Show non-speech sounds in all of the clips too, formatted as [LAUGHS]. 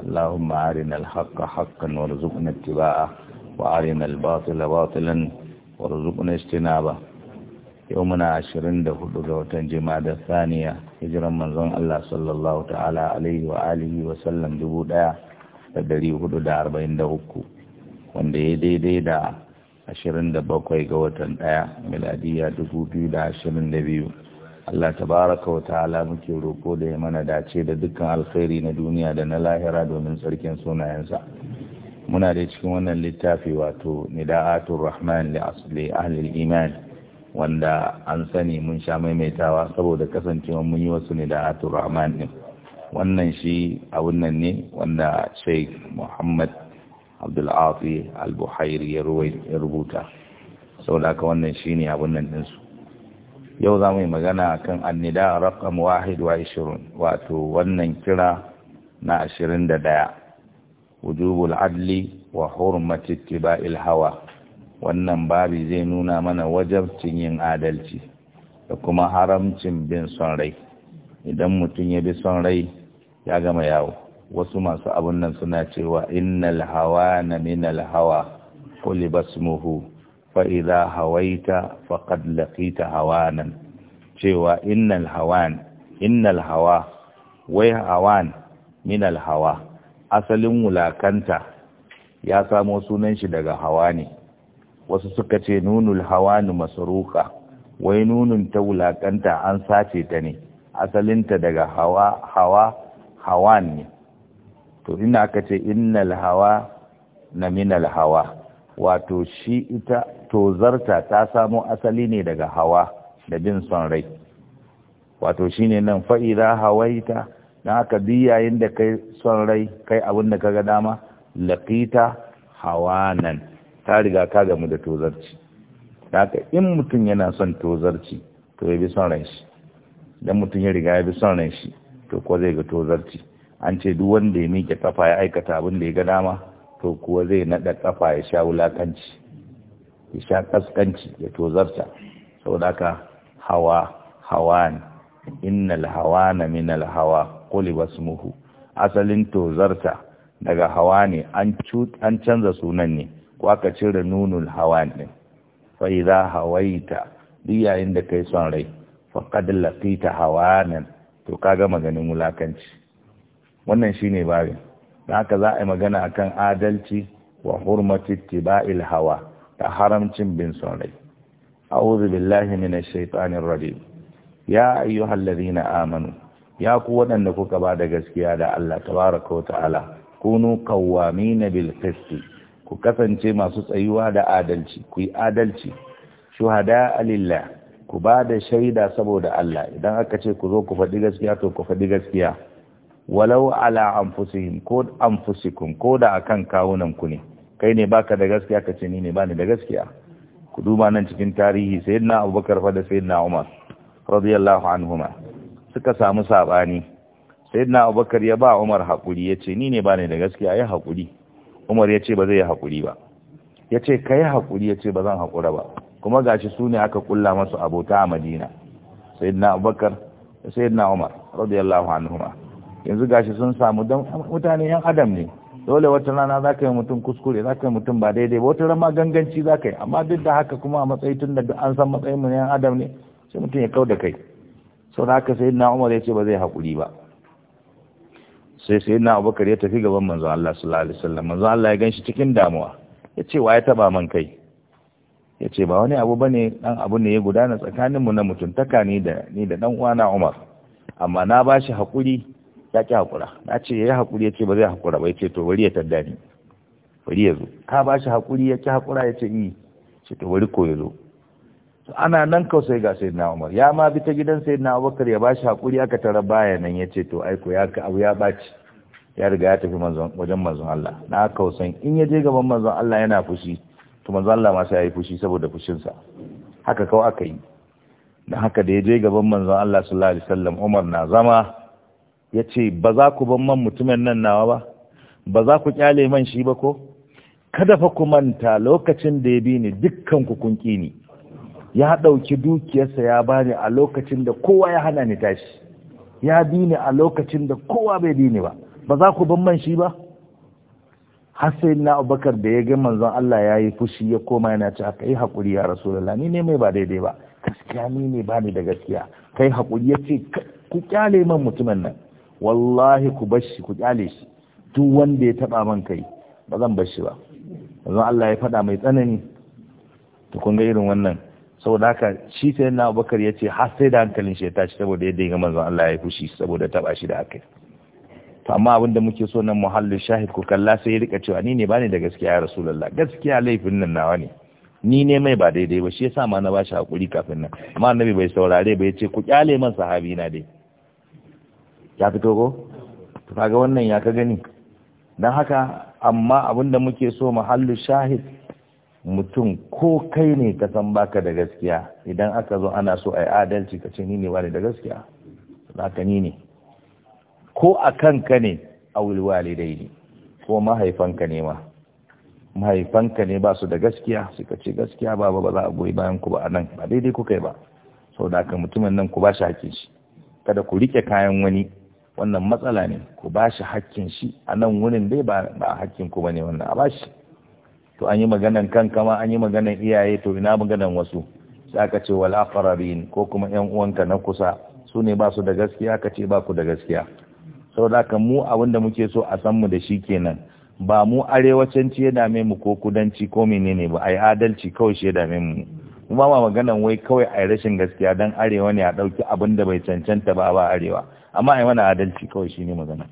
اللهم أرنا الحق حقا وارزقنا اتباعه وأرنا الباطل باطلا وارزقنا اجتنابه يومنا عشرين ده حدود جماد الثانية هجرا من زون الله صلى الله تعالى عليه وآله وسلم جبودا تدري حدود أربعين ده أكو wanda ya daidai da 27 ga watan 1 miladiya 2022 Allah tabaraka wa ta'ala muke roko da ya mana dace da dukkan alkhairi na duniya da na lahira domin sarkin sunayensa muna da cikin wannan littafi wato nida'atul rahman li asli ahli iman wanda an sani mun sha maimaitawa saboda kasancewa mun yi wasu nida'atul rahman din wannan shi a wannan ne wanda Sheikh Muhammad Abdul Afi Al-Buhairi ya rubuta saboda ka wannan shine abun nan din su yau za mu yi magana kan annida rakam wahid wa ishirin wato wannan kira na ashirin da ɗaya wujubul adli wa hurmati ittiba'il hawa wannan babi zai nuna mana wajabcin yin adalci da kuma haramcin bin son rai idan mutum ya bi son rai ya gama yawo wasu masu abun nan suna cewa innal hawa na minal hawa kulli basmuhu fa'iza hawaita faƙad laƙita nan cewa innal hawan innal hawa wai hawan minal hawa asalin wulakanta ya samo sunan shi daga hawa ne wasu suka ce nunul hawani masaruka wai nunun ta wulakanta an sace ta ne asalinta daga hawa hawa hawan ne to ina aka ce innal hawa na minal hawa wato shi ita tozarta ta samo asali ne daga hawa da bin son rai wato shi ne nan fa'ira hawaita na aka biyayen da kai son rai kai abin da kaga dama Hawa nan ta riga ka gamu da tozarci dan in mutum yana son tozarci to ya bi son rashi. shi don mutum ya riga ya bi son rashi, shi to ko zai ga tozarci an ce duk wanda ya miƙe kafa ya aikata abin da ya ga dama to kuwa zai naɗa ƙafa ya sha wulakanci ya sha ƙasƙanci ya tozarta sau da ka hawa hawa ne innal hawa na minal hawa kuli muhu asalin tozarta daga hawa ne an canza sunan ne ko aka cire nunul hawa ne fai za hawaita ta yayin da kai son rai faƙad lafita hawa nan to kaga maganin wulakanci wannan shi ne babin da haka za a yi magana akan adalci wa hurmati tiba'il hawa da haramcin bin son rai a'udhu billahi minash shaitanin rabi ya na amanu ya ku waɗanda kuka ba da gaskiya da Allah tabaraka wa ta'ala kunu qawwamina bil qisti ku kasance masu tsayuwa da adalci ku yi adalci shuhada lillah ku ba da shaida saboda Allah idan aka ce ku zo ku faɗi gaskiya to ku faɗi gaskiya walau ala anfusihim ko anfusikum ko da akan kawunan ku ne kai ne baka da gaskiya ka ce ni ne bani da gaskiya ku duba nan cikin tarihi sayyidina Abubakar fa da sayyidina Umar radiyallahu anhuma suka samu sabani sayyidina Abubakar ya ba Umar hakuri yace ni ne bani da gaskiya ya hakuri Umar yace ba zai yi hakuri ba yace kai hakuri yace ba zan hakura ba kuma gashi su ne aka kulla masu abota a Madina sayyidina Abubakar sayyidina Umar radiyallahu anhuma yanzu gashi sun samu don mutane yan adam ne dole wata rana za ka yi mutum kuskure za ka yi mutum ba daidai ba wata rama ganganci za ka yi amma duk da haka kuma a matsayi tun da an san matsayin mu yan adam ne sai mutum ya kau da kai sau da haka sai na umar ya ce ba zai haƙuri ba sai sai abubakar ya tafi gaban manzo Allah sallallahu alaihi wasallam manzo Allah ya ganshi cikin damuwa ya ce wa ya taba man kai ya ce ba wani abu bane dan abu ne ya gudana tsakanin mu na mutuntaka ni da ni da dan uwana Umar amma na bashi haƙuri. ya ki hakura na ce ya yi hakuri ya ce ba zai hakura ba ya ce to wari ya tadda ni wari ya zo ka ba shi hakuri ya ki hakura ya ce yi ce to wari ko ya zo ana nan kawai sai ga sayyidina Umar ya ma bi ta gidan sayyidina Abubakar ya ba shi hakuri aka tara baya nan Ya ce to aiko ya ka abu ya baci ya riga ya tafi manzon wajen manzon Allah na kausan in ya je gaban manzon Allah yana fushi to manzon Allah ma sai ya yi fushi saboda fushin sa haka kawai aka yi dan haka da ya je gaban manzon Allah sallallahu alaihi wasallam Umar na zama ya ce ba za ku ban man mutumin nan nawa ba ba za ku kyale man shi ba ko kada fa ku manta lokacin da ya bi ni dukkan ku kun ni ya ɗauki dukiyarsa ya bani a lokacin da kowa ya hana ni tashi ya bi ni a lokacin da kowa bai bi ni ba ba za ku ban man shi ba har na abubakar da ya ga manzon Allah ya yi fushi ya koma yana ce a yi haƙuri ya rasulullah ni ne mai ba daidai ba gaskiya ni ne ba ni da gaskiya kai hakuri. ya ce ku kyale man mutumin nan wallahi ku bashi ku kyale shi duk wanda ya taba man kai ba zan bashi ba yanzu Allah ya faɗa mai tsanani to kun ga irin wannan saboda haka shi sai na Abubakar ya ce har sai da hankalin shi ya tashi saboda yadda ya manzon Allah ya fushi saboda taba shi da haka to amma abin da muke so nan muhallu shahid ku kalla sai ya rika cewa ni ne bani da gaskiya ya rasulullah gaskiya laifin nan nawa ne ni ne mai ba daidai ba shi yasa ma na bashi hakuri kafin nan amma annabi bai saurare ba ya ce ku kyale man sahabi na dai ya fito ko to kaga wannan ya ka gani dan haka amma da muke so mahallu shahid mutum ko kai ne ka san baka da gaskiya idan aka zo ana so ai adalci ka ce ni ne wani da gaskiya Za ka ni ne ko a kanka ne a dai ne ko mahaifanka ne ma mahaifanka ne ba su da gaskiya suka ce gaskiya ba ba za a goyi bayan ku ba a nan ba daidai ku kai ba sau da aka mutumin nan ku ba shi hakin shi kada ku rike kayan wani wannan matsala ne ku ba shi hakkin shi a nan wurin dai ba hakkin ku ba ne wannan a ba shi to an yi maganan kan kama an yi maganan iyaye to ina maganan wasu sai aka ce wal aqrabin ko kuma yan uwanka na kusa su ne ba su da gaskiya ka ce ba ku da gaskiya saboda haka mu abinda muke so a san mu da shi kenan ba mu arewacin ci ya dame mu ko kudanci ko menene ba ai adalci kawai shi ya dame mu mu ba ma maganan wai kawai ai rashin gaskiya dan arewa ne a dauki abin da bai cancanta ba ba arewa amma ai mana adalci kawai shine magana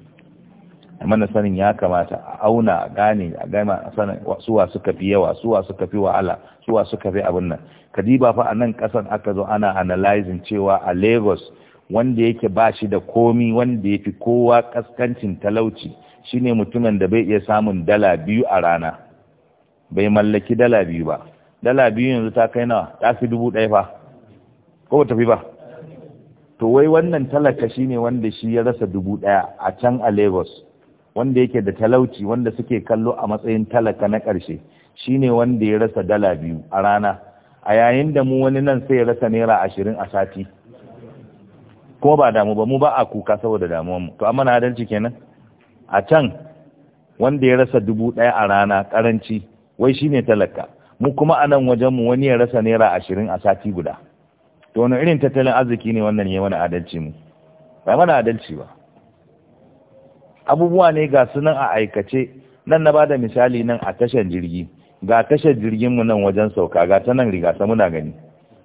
mana sanin ya kamata a auna a gane a gama sanin suwa suka fi yawa suwa suka fi wahala suwa suka fi abin nan kadiba fa a nan kasan aka zo ana analyzing cewa a Lagos wanda yake ba shi da komi wanda ya fi kowa kaskancin talauci shine mutumin da bai iya samun dala biyu a rana bai mallaki dala biyu ba dala biyu yanzu ta kai nawa ta fi dubu ɗaya fa ko ba tafi ba to wai wannan talaka shi ne wanda shi ya rasa dubu ɗaya a can a lagos wanda yake da talauci wanda suke kallo a matsayin talaka na ƙarshe shi ne wanda ya rasa dala biyu a rana a yayin da mu wani nan sai ya rasa naira ashirin a sati kuma ba damu ba mu ba a kuka saboda damuwa mu to amma na adalci kenan a can wanda ya rasa dubu ɗaya a rana ƙaranci wai shi ne talaka mu kuma a nan wajenmu wani ya rasa naira ashirin a sati guda to wani irin tattalin arziki ne wannan ya mana adalci mu ba mana adalci ba abubuwa ne ga sunan a aikace nan na bada misali nan a tashar jirgi ga tashar jirgin mu nan wajen sauka ga ta nan rigasa muna gani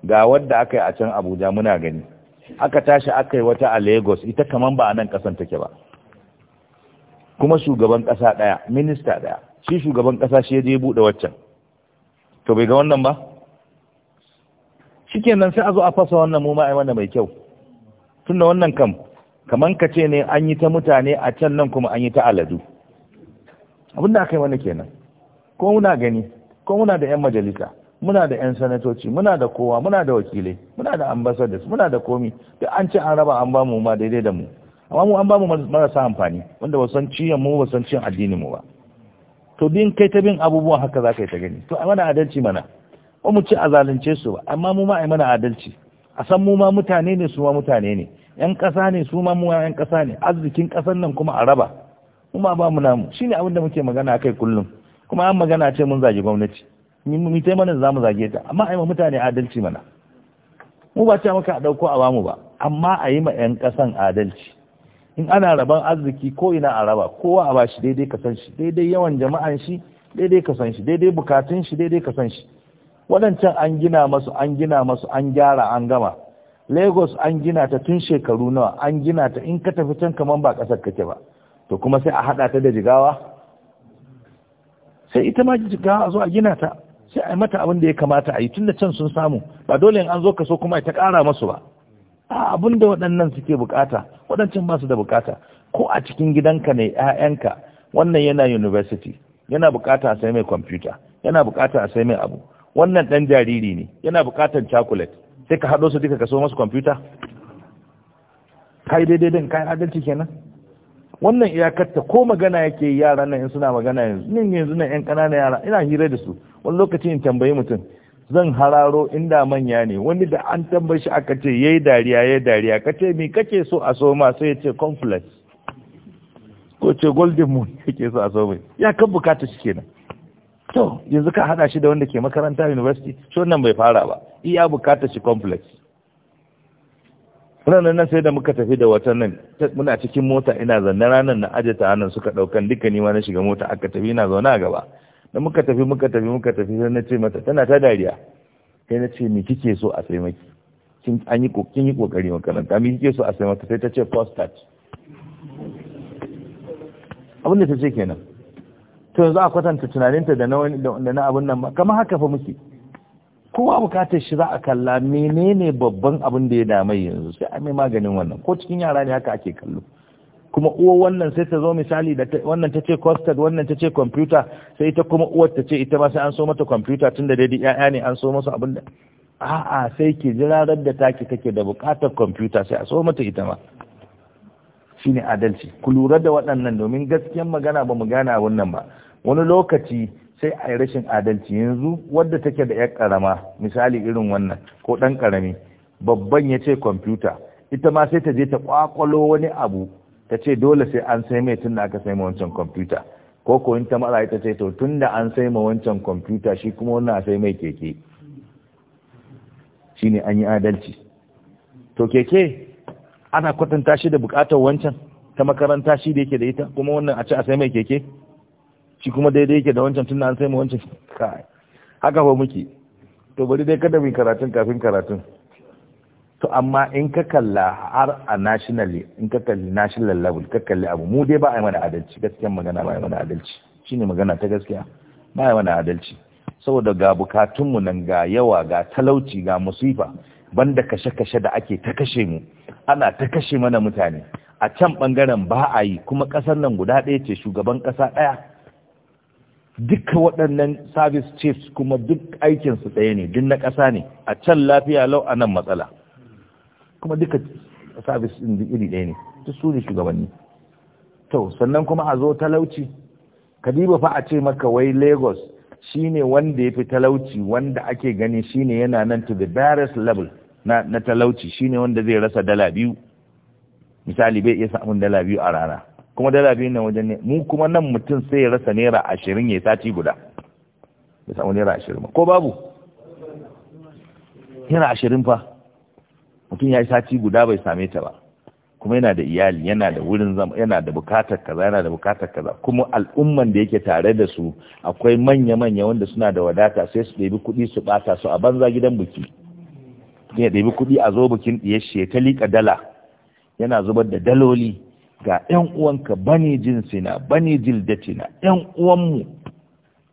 ga wadda aka yi a can abuja muna gani aka tashi aka yi wata a lagos ita kaman ba a nan kasan take ba kuma shugaban kasa ɗaya minista ɗaya shi shugaban kasa shi ya je buɗe waccan to bai ga wannan ba nan sai a zo a fasa wannan mu ma ai wannan mai kyau Tun da wannan kam kaman ka ce ne an yi ta mutane a can nan kuma an yi ta aladu abinda aka yi wani kenan ko muna gani ko muna da 'yan majalisa muna da 'yan sanatoci muna da kowa muna da wakilai muna da ambassadors muna da komi da an ce an raba an ba mu ma daidai da mu amma mu an ba mu marasa amfani wanda ba san ciyan mu ba san ciyan addinin mu ba to bin kai ta bin abubuwan haka za ka yi ta gani to a mana adalci mana ba mu ci a zalunce su ba amma mu ma a mana adalci a san mu ma mutane ne su ma mutane ne yan kasa ne su ma mu ma yan ƙasa ne arzikin kasan nan kuma a raba mu ma ba mu namu shine abin da muke magana kai kullum kuma an magana ce mun zagi gwamnati mu ta mana za mu zage ta amma a yi mutane adalci mana mu ba ta maka a ɗauko a bamu ba amma a yi ma 'yan kasan adalci in ana raban arziki ko ina a raba kowa a bashi daidai ka shi daidai yawan jama'an shi daidai ka shi daidai bukatun shi daidai ka waɗancan an gina masu an gina masu an gyara an gama lagos an gina ta tun shekaru nawa an gina ta in ka tafi can kamar ba ƙasar kake ba to kuma sai a haɗa ta da jigawa sai ita ma jigawa a zo a gina ta sai a yi mata abin da ya kamata a yi tun da can sun samu ba dole in an zo ka so kuma ta ƙara masu ba a abin da waɗannan suke bukata waɗancan ba su da bukata ko a cikin gidanka ne 'ya'yanka wannan yana university yana bukata a sai mai kwamfuta yana bukata a sai mai abu wannan dan jariri ne yana buƙatar cakulet sai ka haɗo su duka ka so masu kwamfuta kai daidai din kai adalci kenan wannan iyakar ta ko magana yake yara nan in suna magana yanzu nin yanzu nan yan ƙananan yara ina hira da su wani lokaci in tambayi mutum zan hararo inda manya ne wani da an tambayi shi aka ce yayi dariya yayi dariya kace me kake so a so ma sai ya ce ko ce golden moon [LAUGHS] yake so a so mai ya kan bukata shi kenan to yanzu ka hada shi da wanda ke makaranta university shi wannan bai fara ba iya bukatar shi complex ranar nan sai da muka tafi da wata nan muna cikin mota ina zanne ranar na aje ta nan suka daukan duka nima na shiga mota aka tafi ina zaune a gaba da muka tafi muka tafi muka tafi sai na ce mata tana ta dariya sai na ce me kike so a sai maki kin an yi kokin yi kokari makaranta me kike so a sai mata sai ta ce prostate abin da ta ce kenan to yanzu a kwatanta tunaninta da na abin nan kama haka fa muke kowa bukatar shi za a kalla menene babban abin da ya dame yanzu sai a mai maganin wannan ko cikin yara ne haka ake kallo kuma uwa wannan sai ta zo misali da wannan ta ce custard wannan ta ce computer sai ita kuma uwar ta ce ita ma sai an so mata computer tun da daidai ya'ya ne an so masu abin da a'a sai ki jirarar da taki kake da bukatar computer sai a so mata ita ma shine adalci ku lura da waɗannan domin gaskiyan magana ba mu gane wannan ba wani lokaci sai a yi rashin adalci yanzu wadda take da 'yar karama misali irin wannan ko ɗan karami babban ya ce kwamfuta ita ma sai ta je ta ƙwaƙwalo wani abu ta ce dole sai an sai mai tun da aka sai ma wancan kwamfuta ko ko ta mara ita ce to tun da an sai ma wancan kwamfuta shi kuma wannan a sai mai keke shine an yi adalci to keke ana kwatanta shi da bukatar wancan ta makaranta shi da yake da ita kuma wannan a ci a sai mai keke shi kuma daidai yake da wancan tun an sai mai wancan kai haka ba muke to bari dai kada mu karatun kafin karatun to amma in ka kalla har a nationally in ka kalli national level ka kalli abu mu dai ba a yi mana adalci gaskiya magana ba a yi mana adalci shine magana ta gaskiya ba a yi mana adalci saboda ga bukatunmu nan ga yawa ga talauci ga musifa banda kashe-kashe da ake ta kashe mu ana ta kashe mana mutane a can ɓangaren ba a yi kuma ƙasar nan guda ɗaya ce shugaban ƙasa ɗaya duka waɗannan service chiefs kuma duk aikinsu ɗaya ne duk na ƙasa ne a can lafiya lau a nan matsala kuma duka service ɗin duk iri ɗaya ne duk su ne shugabanni to sannan kuma a zo talauci kadiba fa a ce maka wai lagos shine wanda ya fi talauci wanda ake gani shine yana nan to the barest level na na talauci shine wanda zai rasa dala biyu misali bai iya samun dala biyu a rana kuma dala biyu ne wajen ne mu kuma nan mutum sai ya rasa naira ashirin ya sati guda ya samu naira ashirin ko babu naira ashirin fa mutum ya yi sati guda bai same ta ba kuma yana da iyali yana da wurin zama yana da bukatar kaza yana da bukatar kaza kuma al'umman da yake tare da su akwai manya-manya wanda suna da wadata sai su ɗebi kuɗi su ɓata su a banza gidan biki ya ɗabi kuɗi a zo bikin ɗiyar ta liƙa dala yana zubar da daloli ga ‘yan uwanka bane jinsina bane jildatina ‘yan uwanmu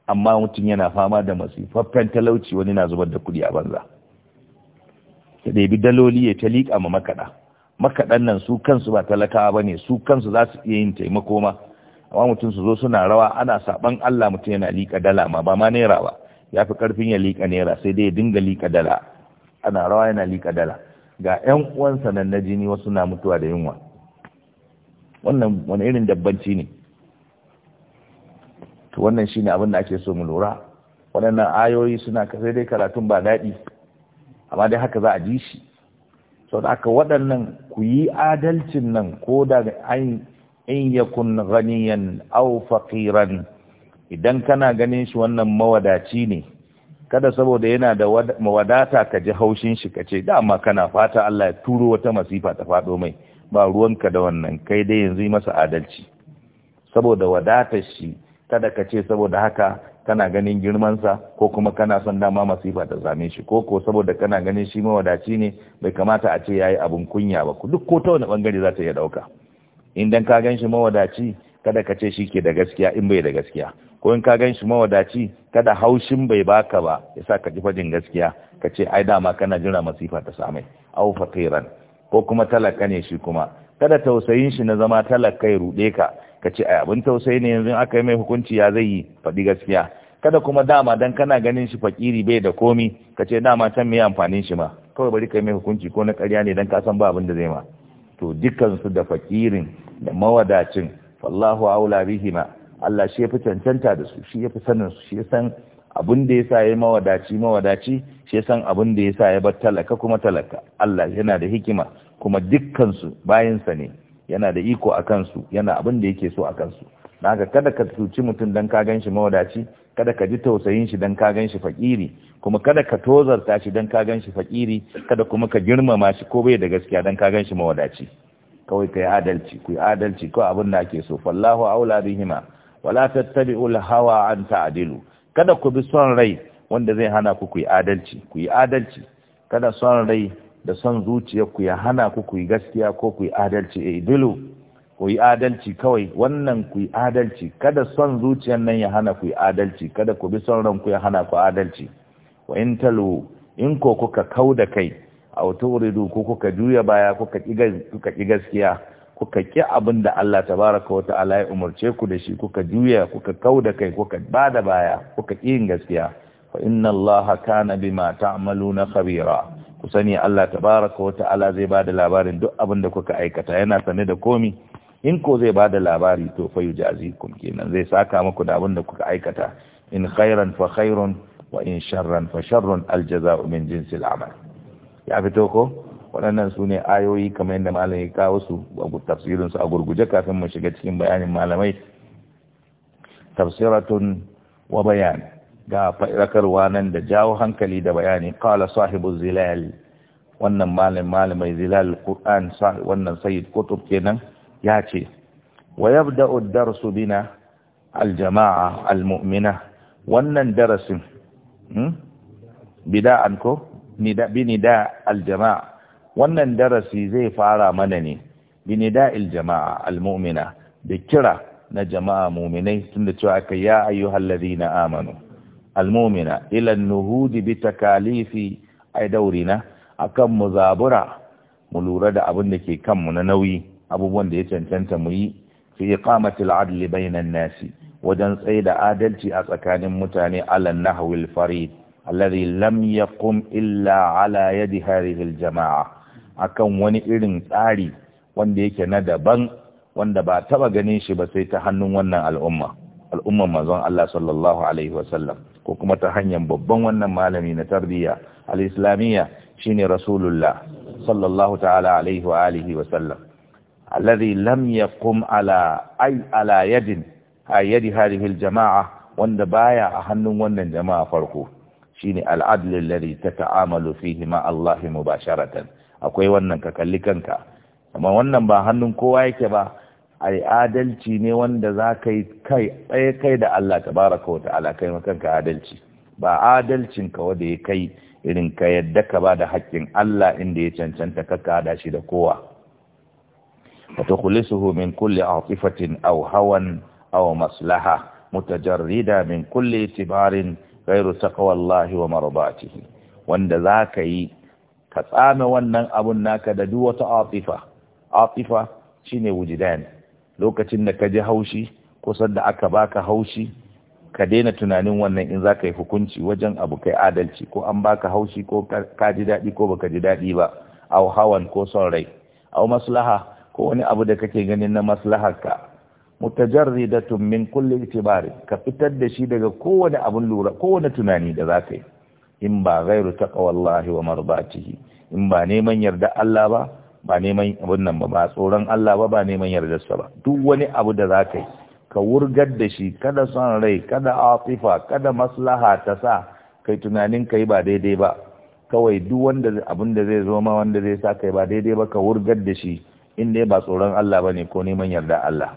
amma mutum yana fama da masifaffen talauci wani na zubar da kuɗi a banza ya ɗabi daloli ya ta liƙa ma makaɗa makaɗan nan su kansu ba talakawa ba ne su kansu za su iya yin taimako ma amma mutum su zo suna rawa ana saɓan Allah mutum yana liƙa dala ma ba ma naira ba ya fi ƙarfin ya liƙa naira sai dai ya dinga liƙa dala ana rawa yana liƙa dala ga 'yan uwansa nan na jini wasu na mutuwa da yunwa wannan wani irin dabbanci ne to wannan shine abin da ake so mu lura waɗannan ayoyi suna sai dai karatun ba daɗi amma dai haka za a ji shi sau da aka waɗannan ku yi adalcin nan ko da in yakun ganiyan au faqiran idan kana ganin shi wannan mawadaci ne kada saboda yana da mawadata ka ji haushin shi ka ce dama kana fata Allah ya turo wata masifa ta faɗo mai ba ruwanka da wannan kai dai yanzu masa adalci saboda wadatar shi kada ka ce saboda haka kana ganin girmansa ko kuma kana son dama masifa ta zame shi ko ko saboda kana ganin shi mawadaci ne bai kamata a ce yayi abun kunya ba duk ko ta wani bangare za ta iya dauka in ka gan shi mawadaci kada ka ce shi ke da gaskiya in bai da gaskiya ko in ka gan shi mawadaci kada haushin bai baka ba Ya sa ka ji fadin gaskiya ka ce ai dama kana jira masifa ta samai au faqiran ko kuma talaka ne shi kuma kada tausayin shi na zama talaka ya rude ka ka ce ai abin tausayi ne yanzu aka yi mai hukunci ya zai yi Faɗi gaskiya kada kuma dama dan kana ganin shi fakiri bai da komi ka ce dama can me amfanin shi ma kawai bari kai mai hukunci ko na karya ne dan ka san ba abin da zai ma to dukkan su da fakirin da mawadacin wallahu aula bihima Allah shi ya fi cancanta da su shi ya fi sanin su shi ya san abin da ya sa ya mawadaci mawadaci shi ya san abin da ya sa ya bar talaka kuma talaka Allah yana da hikima kuma dukkansu bayansa ne yana da iko a kansu yana abin da yake so a kansu don kada ka tuci mutum dan ka gan mawadaci kada ka ji tausayin shi dan ka gan shi fakiri kuma kada ka tozarta shi dan ka gan shi fakiri kada kuma ka girmama shi ko bai da gaskiya dan ka gan shi mawadaci kawai ka adalci ku adalci ko abin da ake so fallahu aula bihima wala tattabi'ul hawa an ta'dilu kada ku bi son rai wanda zai hana ku kuyi adalci ku adalci kada son rai da son zuciya ku ya hana ku kuyi gaskiya ko kuyi adalci eh dilu ku adalci kawai wannan ku yi adalci kada son zuciyar nan ya hana ku yi adalci kada ku bi son ranku ya hana ku adalci wa in talu in ko kuka kauda kai a wata wuridu ko kuka juya baya kuka kiga gaskiya kuka ƙi abin da Allah baraka wa ta'ala ya umarce ku da shi kuka juya kuka kau da kai kuka ba da baya kuka ƙi yin gaskiya fa inna Allah kana bima ta'maluna khabira ku sani Allah baraka wa ta'ala zai ba da labarin duk abin da kuka aikata yana sane da komi in ko zai ba da labari to fa yujazikum kenan zai saka muku da abin da kuka aikata in khairan fa khairun wa in sharran fa sharrun aljaza'u min jinsil amal ya fito ko waɗannan su ne ayoyi kamar yadda malamai kawo su tafsirinsu a gurguje kafin mu shiga cikin bayanin malamai tafsiratun wa bayani ga faɗakarwa nan da jawo hankali da bayani kala sahibu zilal wannan malam malamai zilal qur'an wannan sayyid kutub kenan ya ce wa yabda'u ad-darsu bina aljama'a jamaa wannan darasin hmm? bida'an ko bi nida al wannan darasi zai fara mana ne binida'il jama'a almu'mina da kira na jama'a mu'minai tunda cewa aka ya ayyuhal ladina amanu almu'mina ila nuhudi bi takalifi ai daurina akan muzabura mu lura da abin da ke kan mu na nauyi abubuwan da ya cancanta mu yi fi iqamatil adli bainan nasi wajen tsaye da adalci a tsakanin mutane ala nahwil farid alladhi lam yaqum illa ala yadi hadhihi jama'a akan wani irin tsari wanda yake na daban wanda ba taba ganin shi ba sai ta hannun wannan al'umma al'umman manzon Allah sallallahu alaihi wasallam ko kuma ta hanyar babban wannan malami na tarbiyya al-islamiyya shine rasulullah sallallahu ta'ala alaihi wa alihi wasallam alladhi lam yaqum ala ay ala yadin ayadi hadhihi al-jama'a wanda baya a hannun wannan jama'a farko shine al-adl alladhi tata'amalu fihi ma Allah mubasharatan akwai wannan ka kalli kanka amma wannan ba hannun kowa yake ba ai adalci ne wanda za ka yi kai tsaye kai da Allah tabaraka wa ta'ala kai makanka adalci ba adalcin ka wanda ya kai irin ka yadda ka ba da haƙƙin Allah inda ya cancanta ka kada shi da kowa wa tukhlisuhu min kulli atifatin aw hawan aw maslaha mutajarrida min kulli tibarin ghayru taqwallahi wa marbatihi wanda za ka yi ka tsame wannan abun naka da duk wata atifa atifa shine wujidan lokacin da ka ji haushi kusan da aka baka haushi ka daina tunanin wannan in zaka yi hukunci wajen abu kai adalci ko an baka haushi ko ka ji daɗi ko baka ji daɗi ba au hawan ko son rai au maslaha ko wani abu da kake ganin na maslahar maslaharka mutajarridatun min kulli itibari ka fitar da shi daga kowane abun lura kowane tunani da za ka yi in ba ghairu taqwallahi wa mardatihi in ba neman yarda Allah ba ba neman abun nan ba ba tsoron Allah ba ba neman yarda sa ba duk wani abu da za ka ka wurgar da shi kada son rai kada atifa kada maslaha ta sa kai tunanin kai ba daidai ba kawai duk wanda abun da zai zo ma wanda zai sa kai ba daidai ba ka wurgar da shi in dai ba tsoron Allah bane ko neman yarda Allah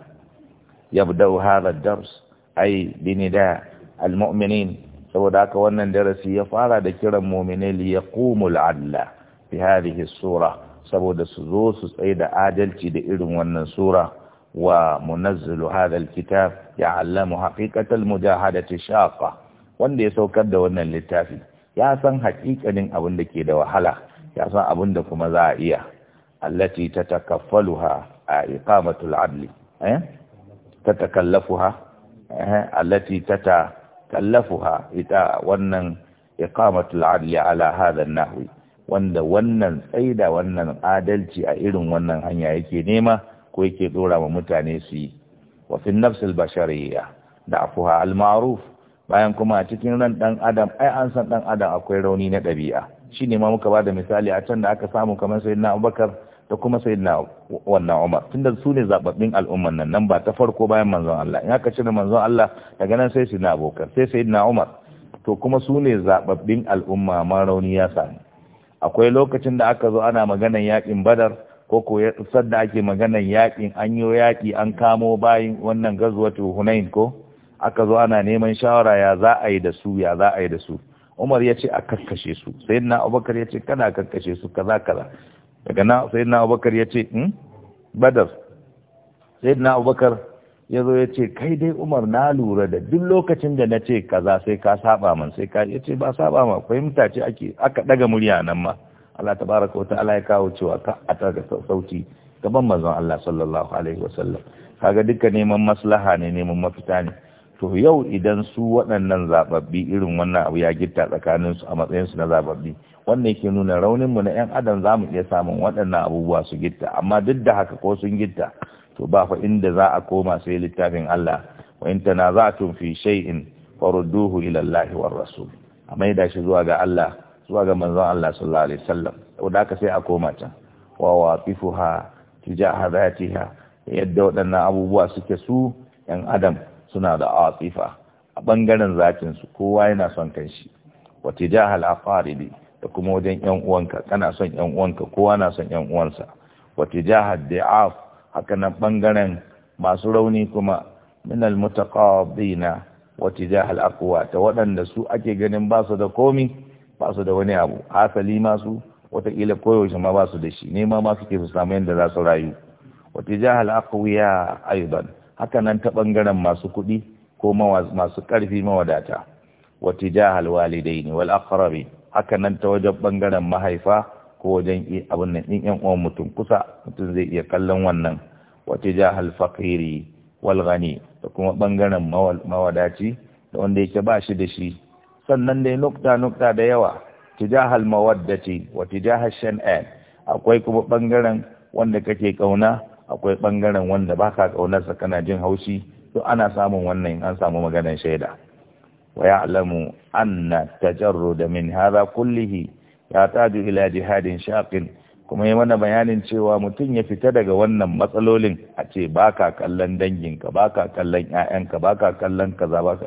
yabda'u hadha ad-dars ay binida al-mu'minin saboda haka wannan darasi ya fara da kiran mu'minai li yaqumul adla fi hadhihi sura saboda su zo su tsaye da adalci da irin wannan sura wa munazzilu hadha alkitab ya'lamu haqiqatal mujahadati shaqa wanda ya saukar da wannan littafi ya san haƙiƙanin abin da ke da wahala ya san abin da kuma za a iya allati tatakaffaluha a iqamatul adli eh tatakallafuha eh allati tata kallafuha ita wannan iqamatul adli ala hadha nahwi wanda wannan tsaida wannan adalci a irin wannan hanya yake nema ko yake dora wa mutane su yi wa fi nafsil bashariyya da afuha al ma'ruf bayan kuma a cikin ran dan adam ai an san dan adam akwai rauni na dabi'a shine ma muka bada misali a can da aka samu kamar sayyidina Abubakar da kuma sai na wannan umar tunda su ne zababbin al'umman nan nan ba ta farko bayan manzon Allah in aka cire manzon Allah daga nan sai na abokan sai sai na umar to kuma su ne zababbin al'umma ma rauni ya sami akwai lokacin da aka zo ana maganan yakin badar ko ko sadda ake maganan yakin an yi yaki an kamo bayin wannan gazwatu hunain ko aka zo ana neman shawara ya za a yi da su ya za a yi da su umar ya ce a kakkashe su sai na abubakar ya ce kada kakkashe su kaza kaza daga na na abubakar ya ce hmm? badar na abubakar ya zo ya ce kai dai umar na lura da duk lokacin da na ce kaza sai ka saba man sai ka ya ce ba saba ma fahimta ce ake aka daga murya nan ma Allah baraka wata ala ya kawo cewa ka a taga sauti gaban manzon Allah sallallahu alaihi wasallam kaga duka neman maslaha ne neman mafita ne to yau idan su waɗannan zababbi irin wannan abu ya gitta tsakaninsu a matsayinsu na zababbi wannan yake nuna rauninmu na 'yan adam za mu iya samun waɗannan abubuwa su gitta amma duk da haka ko sun gitta to ba fa inda za a koma sai littafin Allah wa in tanaza'tum fi shay'in farudduhu ila Allah war rasul a da shi zuwa ga Allah zuwa ga manzon Allah sallallahu alaihi wasallam da haka sai a koma can wa waqifuha tijaha zatiha yadda waɗannan abubuwa suke su 'yan adam suna da tsifa a ɓangaren zatin su kowa yana son kanshi wa al aqaribi da kuma wajen yan uwanka kana son yan uwanka kowa na son yan uwansa wa tijahad da'af haka nan bangaren masu rauni kuma min al mutaqabina wa tijahal aqwa ta waɗanda su ake ganin ba su da komi ba su da wani abu asali ma su koyaushe ma ba su da shi nema ma suke su samu yadda za su rayu wa tijahal aqwiya aidan haka nan ta bangaren masu kuɗi ko masu karfi mawadata wa tijahal walidaini wal aqrabin haka nan ta wajen bangaren mahaifa ko wajen abin nan in ‘yan uwan mutum kusa mutum zai iya kallon wannan wace ja halfakiri wal gani da kuma bangaren mawadaci da wanda yake ba shi da shi sannan dai nukta nukta da yawa tijahal mawaddati wa tijahal shan'an akwai kuma bangaren wanda kake kauna akwai ɓangaren wanda baka kaunarsa kana jin haushi to ana samun wannan an samu maganar shaida ويعلم أن التجرد من kullihi ya يحتاج إلى jihadin شاق kuma yi mana bayanin cewa mutum ya fita daga wannan matsalolin a ce ba ka kallon danginka ba ka kallon 'ya'yanka ba ka kallon kaza ba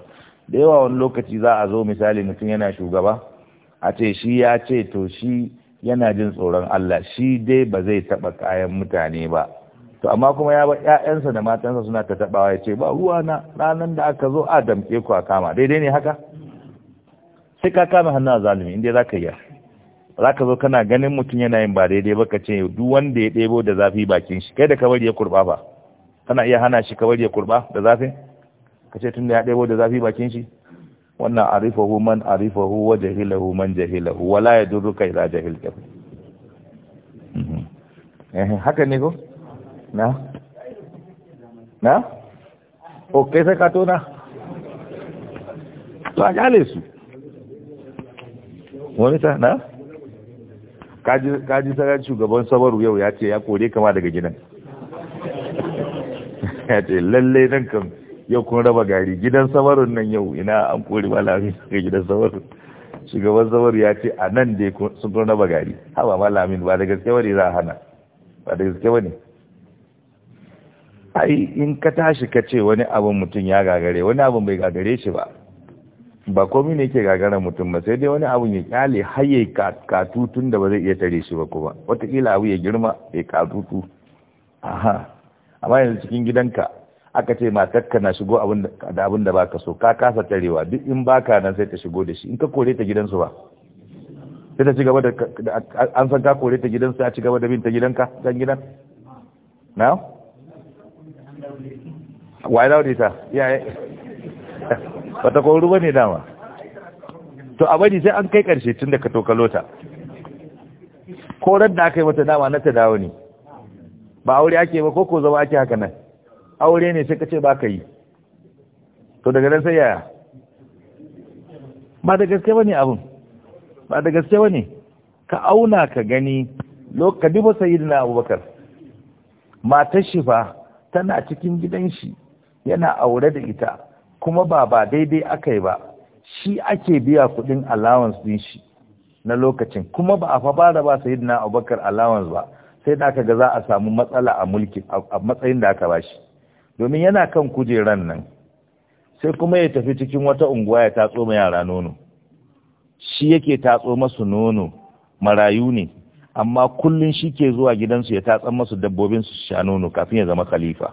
da yawa wani lokaci za a zo misali mutum yana shugaba a ce shi ya ce to shi yana jin tsoron Allah shi dai ba zai taɓa kayan mutane ba to amma kuma ya ba ƴaƴansa da matansa suna ta tabawa ya ce ba ruwa na ranan da aka zo a ke ku a kama daidai ne haka sai ka kama hannun zalimi inda za ka yi za ka zo kana ganin mutum yana yin ba daidai ba ka ce duk wanda ya ɗebo da zafi bakin shi kai da ka bari ya kurɓa ba kana iya hana shi ka bari ya kurɓa da zafi ka ce tunda ya ɗebo da zafi bakin shi wannan arifahu man arifahu wa jahilahu man jahilahu wala ya yadurruka jahil jahilta mhm. eh, haka ne ko na na o kai sai ka to a kyale su wani ta na kaji sarar shugaban sabaru yau ya ce ya kore kama daga gidan [LAUGHS] ya ce lalle nan kan yau kun raba gari gidan sabarun nan yau ina an kore malami daga gidan sabarun shugaban sabaru ya ce a nan dai sun kun raba gari haba malamin ba da gaske wani za a hana ba da gaske wani ai in ka tashi ka ce wani abin mutum ya gagare wani abin bai gagare shi ba ba komai ne ke gagara mutum ba sai dai wani abin ya kyale har ya katutun da ba zai iya tare shi ba kuma watakila abu ya girma ya katutu aha amma yanzu cikin gidanka aka ce matakka na shigo da abin da baka so ka kasa tarewa duk in baka nan sai ta shigo da shi in ka kore ta gidansu ba sai ta ci gaba da an san ka kore ta gidansu ta ci gaba da bin ta gidanka dan gidan na'am waye dawo da ita iyaye ba ta kwaru ba ne dama to a bari sai an kai karshe tun da ka to kalota korar da aka yi wata dama na ta dawo ne ba aure ake ba ko ko zama ake haka nan aure ne sai ka ce ba ka yi to daga nan sai yaya ba da gaske wani abin ba da gaske wani ka auna ka gani ka duba na abubakar matar shi fa tana cikin gidan shi yana aure da ita kuma ba ba daidai aka yi ba shi ake biya kudin allowance din shi na lokacin kuma ba a faɓa da ba sayyidina abubakar allowance ba sai da aka ga za a samu matsala a mulki a matsayin da aka bashi domin yana kan kujerar nan sai kuma ya tafi cikin wata unguwa ya tatso ma yara nono shi yake tatso masu nono marayu ne amma kullum shi ke zuwa gidansu ya tatsan masu dabbobin su sha nono kafin ya zama khalifa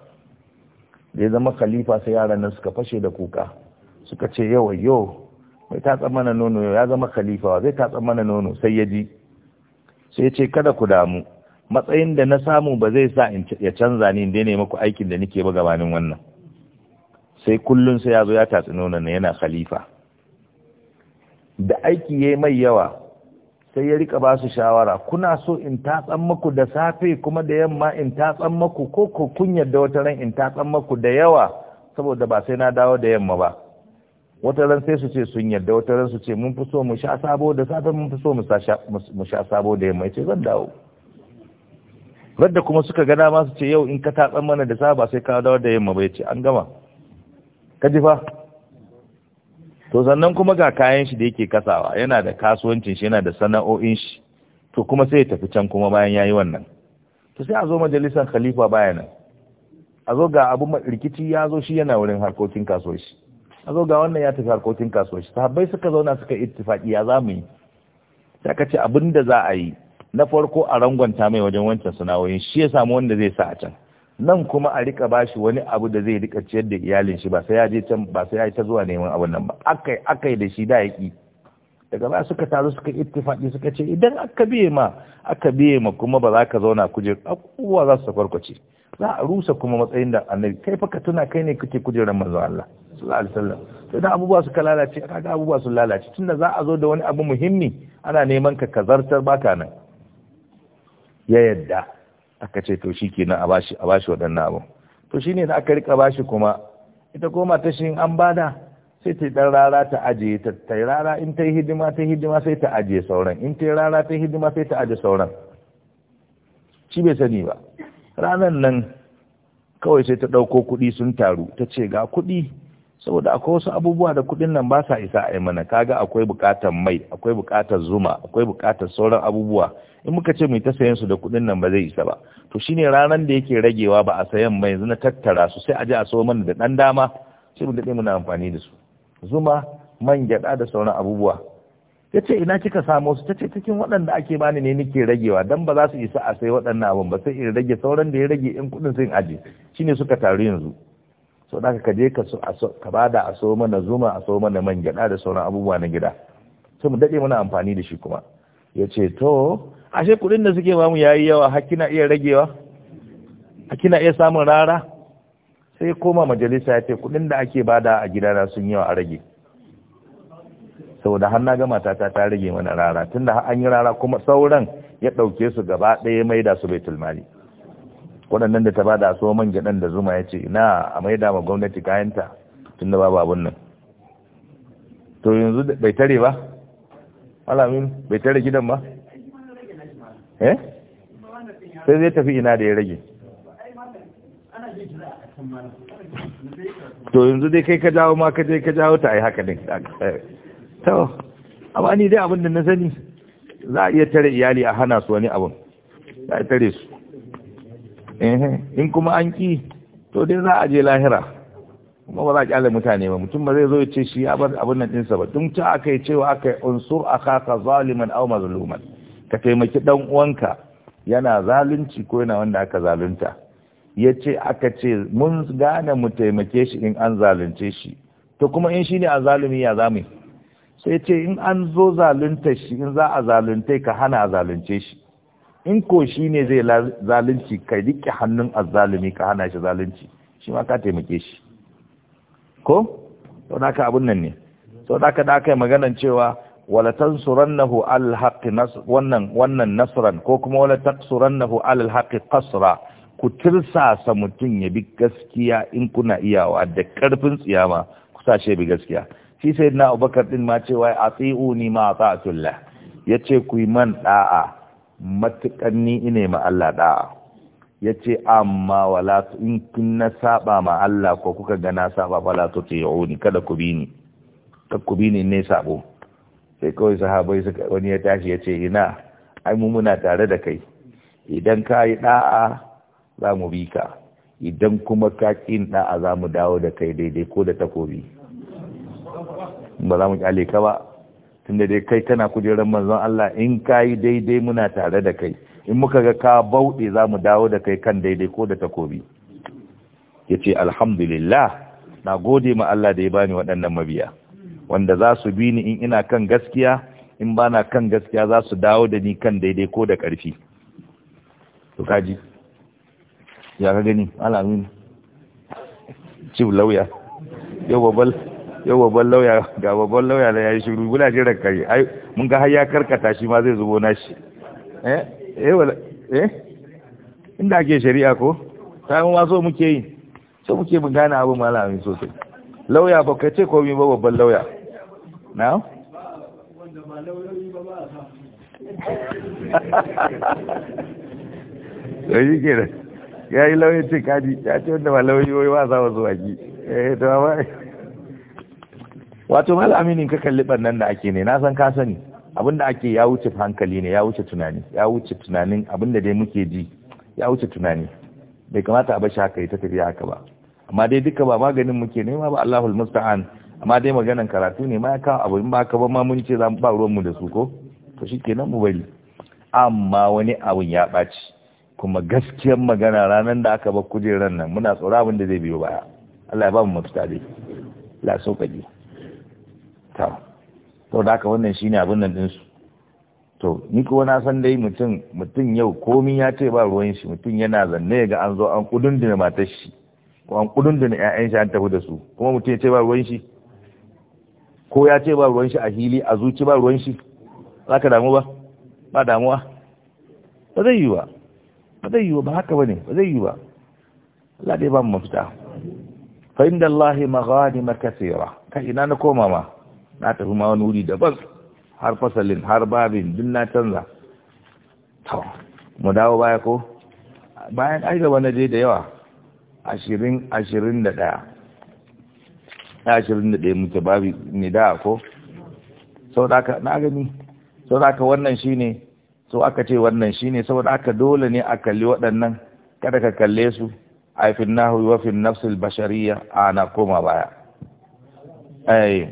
da ya zama khalifa sai yaran nan suka fashe da kuka suka ce yau yau mai tatsa mana nono yau, ya zama khalifa zai tatsa mana nono sai ya ji sai ce kada ku damu matsayin da na samu ba zai sa ya canza ni da ne maku aikin da nake ba gabanin wannan sai kullum sai ya zo ya tatsi nono na yana khalifa da aiki yayi mai yawa sai ya rika ba su shawara kuna so in tatsan maku da safe kuma da yamma in tatsan maku ko ku kun yarda wata ran in tatsan maku da yawa saboda ba sai na dawo da yamma ba wata ran sai su ce sun yarda wata ran su ce mun fi so mu sha sabo da safe mun fi so mu sha sabo da yamma ce zan dawo radda kuma suka gana ma su ce yau in ka tatsan mana da safe ba sai ka dawo da yamma ba ya ce an gama ka ji fa to sannan kuma ga kayan shi da yake kasawa yana da kasuwancin shi yana da sana'o'in shi to kuma sai ya tafi can kuma bayan ya yi wannan to sai a zo majalisar khalifa baya nan a zo ga abu rikici ya zo shi yana wurin harkokin shi. a zo ga wannan ya tafi harkokin shi, sahabbai suka zauna suka ittifaki ya za mu yi sai ka ce abin da za a yi na farko a rangwanta mai wajen wancan sana'o'in shi ya samu wanda zai sa a can nan kuma a rika ba bashi wani abu da zai rika ciyar da iyalin shi ba sai ya je can ba sai ya ta zuwa neman abun nan ba akai akai da shi da yaki daga ba suka taru suka ittifaqi suka ce idan aka biye ma aka biye ma kuma ba za ka zauna kujer abubuwa za su farkwace za a rusa kuma matsayin da annabi kai fa ka tuna kai ne kake kujerar manzo Allah sallallahu alaihi wasallam Sai idan abubuwa suka lalace kaga abubuwa sun lalace tunda za a zo da wani abu muhimmi ana neman ka kazartar baka nan ya yadda aka ce to shi kenan a bashi a bashi waɗannan abu to ne da aka rika bashi kuma ita koma ta shi an bada sai ta dan rara ta ajiye ta ta rara in ta yi hidima ta hidima sai ta ajiye sauran in ta rara ta hidima sai ta ajiye sauran shi bai sani ba ranan nan kawai sai ta ɗauko kuɗi sun taru ta ce ga kuɗi saboda akwai wasu abubuwa da kuɗin nan ba sa isa a yi mana kaga akwai buƙatar mai akwai buƙatar zuma akwai buƙatar sauran abubuwa in muka ce mai ta sayan su da kuɗin nan ba zai isa ba to shine ranar da yake ragewa ba a sayan mai yanzu tattara su sai a ji a so mana da dan dama sai mu dade muna amfani da su zuma man gyada da sauran abubuwa yace ina kika samu su tace cikin waɗanda ake bani ne nake ragewa dan ba za su isa a sai waɗannan abun ba sai in rage sauran da ya rage in kuɗin sai in aje shine suka taru yanzu so da ka je ka so ka bada a so mana zuma a so mana man gyada da sauran abubuwa na gida sai mu dade muna amfani da shi kuma yace to ashe kudin da suke mamu yayi yawa hakina iya ragewa hakina iya samun rara sai koma majalisa ya ce kudin da ake bada a gidana sun yawa a rage saboda har na ga matata ta rage mana rara tunda an yi rara kuma sauran ya dauke su gaba ɗaya mai da su baitul mali waɗannan da ta bada so man gyaɗan da zuma ya ce ina a mai da ma gwamnati kayanta tunda babu abun nan to yanzu bai tare ba bai tare gidan ba eh sai zai tafi ina da ya rage to yanzu dai kai ka jawo ma ka je ka jawo ta ai haka din to amma ni dai abin da na sani za a iya tare iyali a hana su wani abin za a tare su in kuma an ki to dai za a je lahira kuma ba za a kyale mutane ba mutum ba zai zo ya ce shi ya bar abin nan ɗinsa ba tun ta aka yi cewa aka yi unsur a kaka zaliman au mazluman ka taimaki dan uwanka yana zalunci ko yana wanda aka zalunta ya ce aka ce mun gane mu taimake shi in an zalunce shi to kuma in shi ne a zalumi ya zamu sai ce in an zo zalunta shi in za a zaluntai ka hana a zalunce shi in ko shi ne zai zalunci ka riƙe hannun azzalumi ka hana shi zalunci shi ma ka taimake shi ko? sau da aka abin nan ne sau da aka da aka yi maganan cewa wala tansurannahu wannan wannan nasran ko kuma wala taqsurannahu al qasra ku tirsasa mutum ya bi gaskiya in kuna iyawa da karfin tsiyama ku sashe bi gaskiya shi sayyidina abubakar din ma cewa ni ma ta'atullah yace ku yi man da'a matukan ni ine ma Allah da'a yace amma wala in kunna saba ma Allah ko kuka ga na saba wala tuti'uni kada ku bi ni ku bi ni ne sabo sai kawai sahabai wani ya tashi ya ce ina ai mu muna tare da kai idan ka yi da'a za mu bi ka idan kuma ka kin da'a za mu dawo da kai daidai ko da takobi ba za mu kyale ka ba tunda dai kai kana kujerar manzon Allah in ka yi daidai muna tare da kai in muka ga ka bauɗe za mu dawo da kai kan daidai ko da takobi ya ce alhamdulillah na gode ma Allah da ya bani waɗannan mabiya wanda za su bi ni in ina kan gaskiya in ba na kan gaskiya za su dawo da ni kan daidai ko da ƙarfi to kaji ya ka gani alamin ciw lauya yau babal yau babban lauya ga babban lauya da ya yi shiru guda ce da kare ai mun ga har ya karkata shi ma zai zubo nashi eh eh wala eh inda ake shari'a ko ta mu ma so muke yi so muke mu gane abu malamin sosai lauya ba ka ce komi ba babban lauya na? ɗauki ke da ya yi lauyin ce kaji ya ce wanda ba lauyoyi ba za zuwa waki, eh to ba wato mal'aminin ka kalli bannan da ake ne na san ka sani abinda ake ya wuce hankali ne ya wuce tunani ya wuce tunanin abinda dai muke ji ya wuce tunani bai kamata a bashi haka ta tafiya haka ba amma dai duka ba maganin muke nema ba Allahu musta'an amma dai maganan karatu ne ma ka abu in ba ka ba ma mun ce za mu ba ruwan mu da su ko to shikenan mu bari amma wani abun ya ɓaci kuma gaskiyar magana ranar da aka ba kujerar nan muna tsoro abin da zai biyo baya Allah ya ba mu mafita dai la sauƙaƙe ta to da haka wannan shine abin nan su to ni ko na san dai mutum mutum yau komai ya ce ba ruwan shi mutum yana zanne ga an zo an kudin da matar shi ko an da ƴaƴan shi an tafi da su kuma mutum ya ce ba ruwan shi ko ya ce ba ruwan shi a hili a zuci ba ruwan shi za ka damu ba ba damuwa ba zai yi ba ba zai yi ba haka ba ne ba zai yi ba Allah dai ba mu mafita fa inda Allah maghanim kaseera ka ina na koma ma na tafi ma wani wuri daban har fasalin har babin din na canza to mu dawo baya ko bayan ai gaba na je da yawa ashirin ashirin da ɗaya ashirin da ɗaya muke babi ne da ko sau da aka na gani sau da aka wannan shi ne so aka ce wannan shi ne saboda aka dole ne a kalli waɗannan kada ka kalle su aifin na nahu wa fi nafsul bashariya a na koma baya ai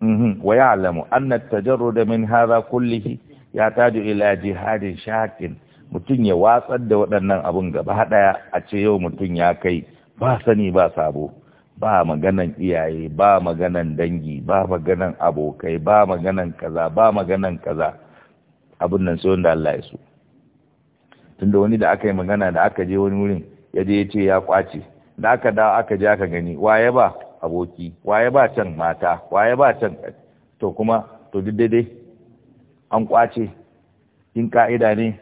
mhm. wa ya'lamu anna at-tajarrud min hadha kullihi yataju ila jihadin shakin mutum ya watsar da waɗannan abun gaba haɗaya a ce yau mutum ya kai ba sani ba sabo ba maganan iyaye ba maganan dangi ba maganan abokai ba maganan kaza ba maganan kaza abin nan sai wanda Allah ya so tunda wani da aka yi magana da aka je wani wurin ya je ya ce ya kwace da aka dawo aka je aka gani waye ba aboki waye ba can mata waye ba can to kuma to duk daidai an kwace in ka'ida ne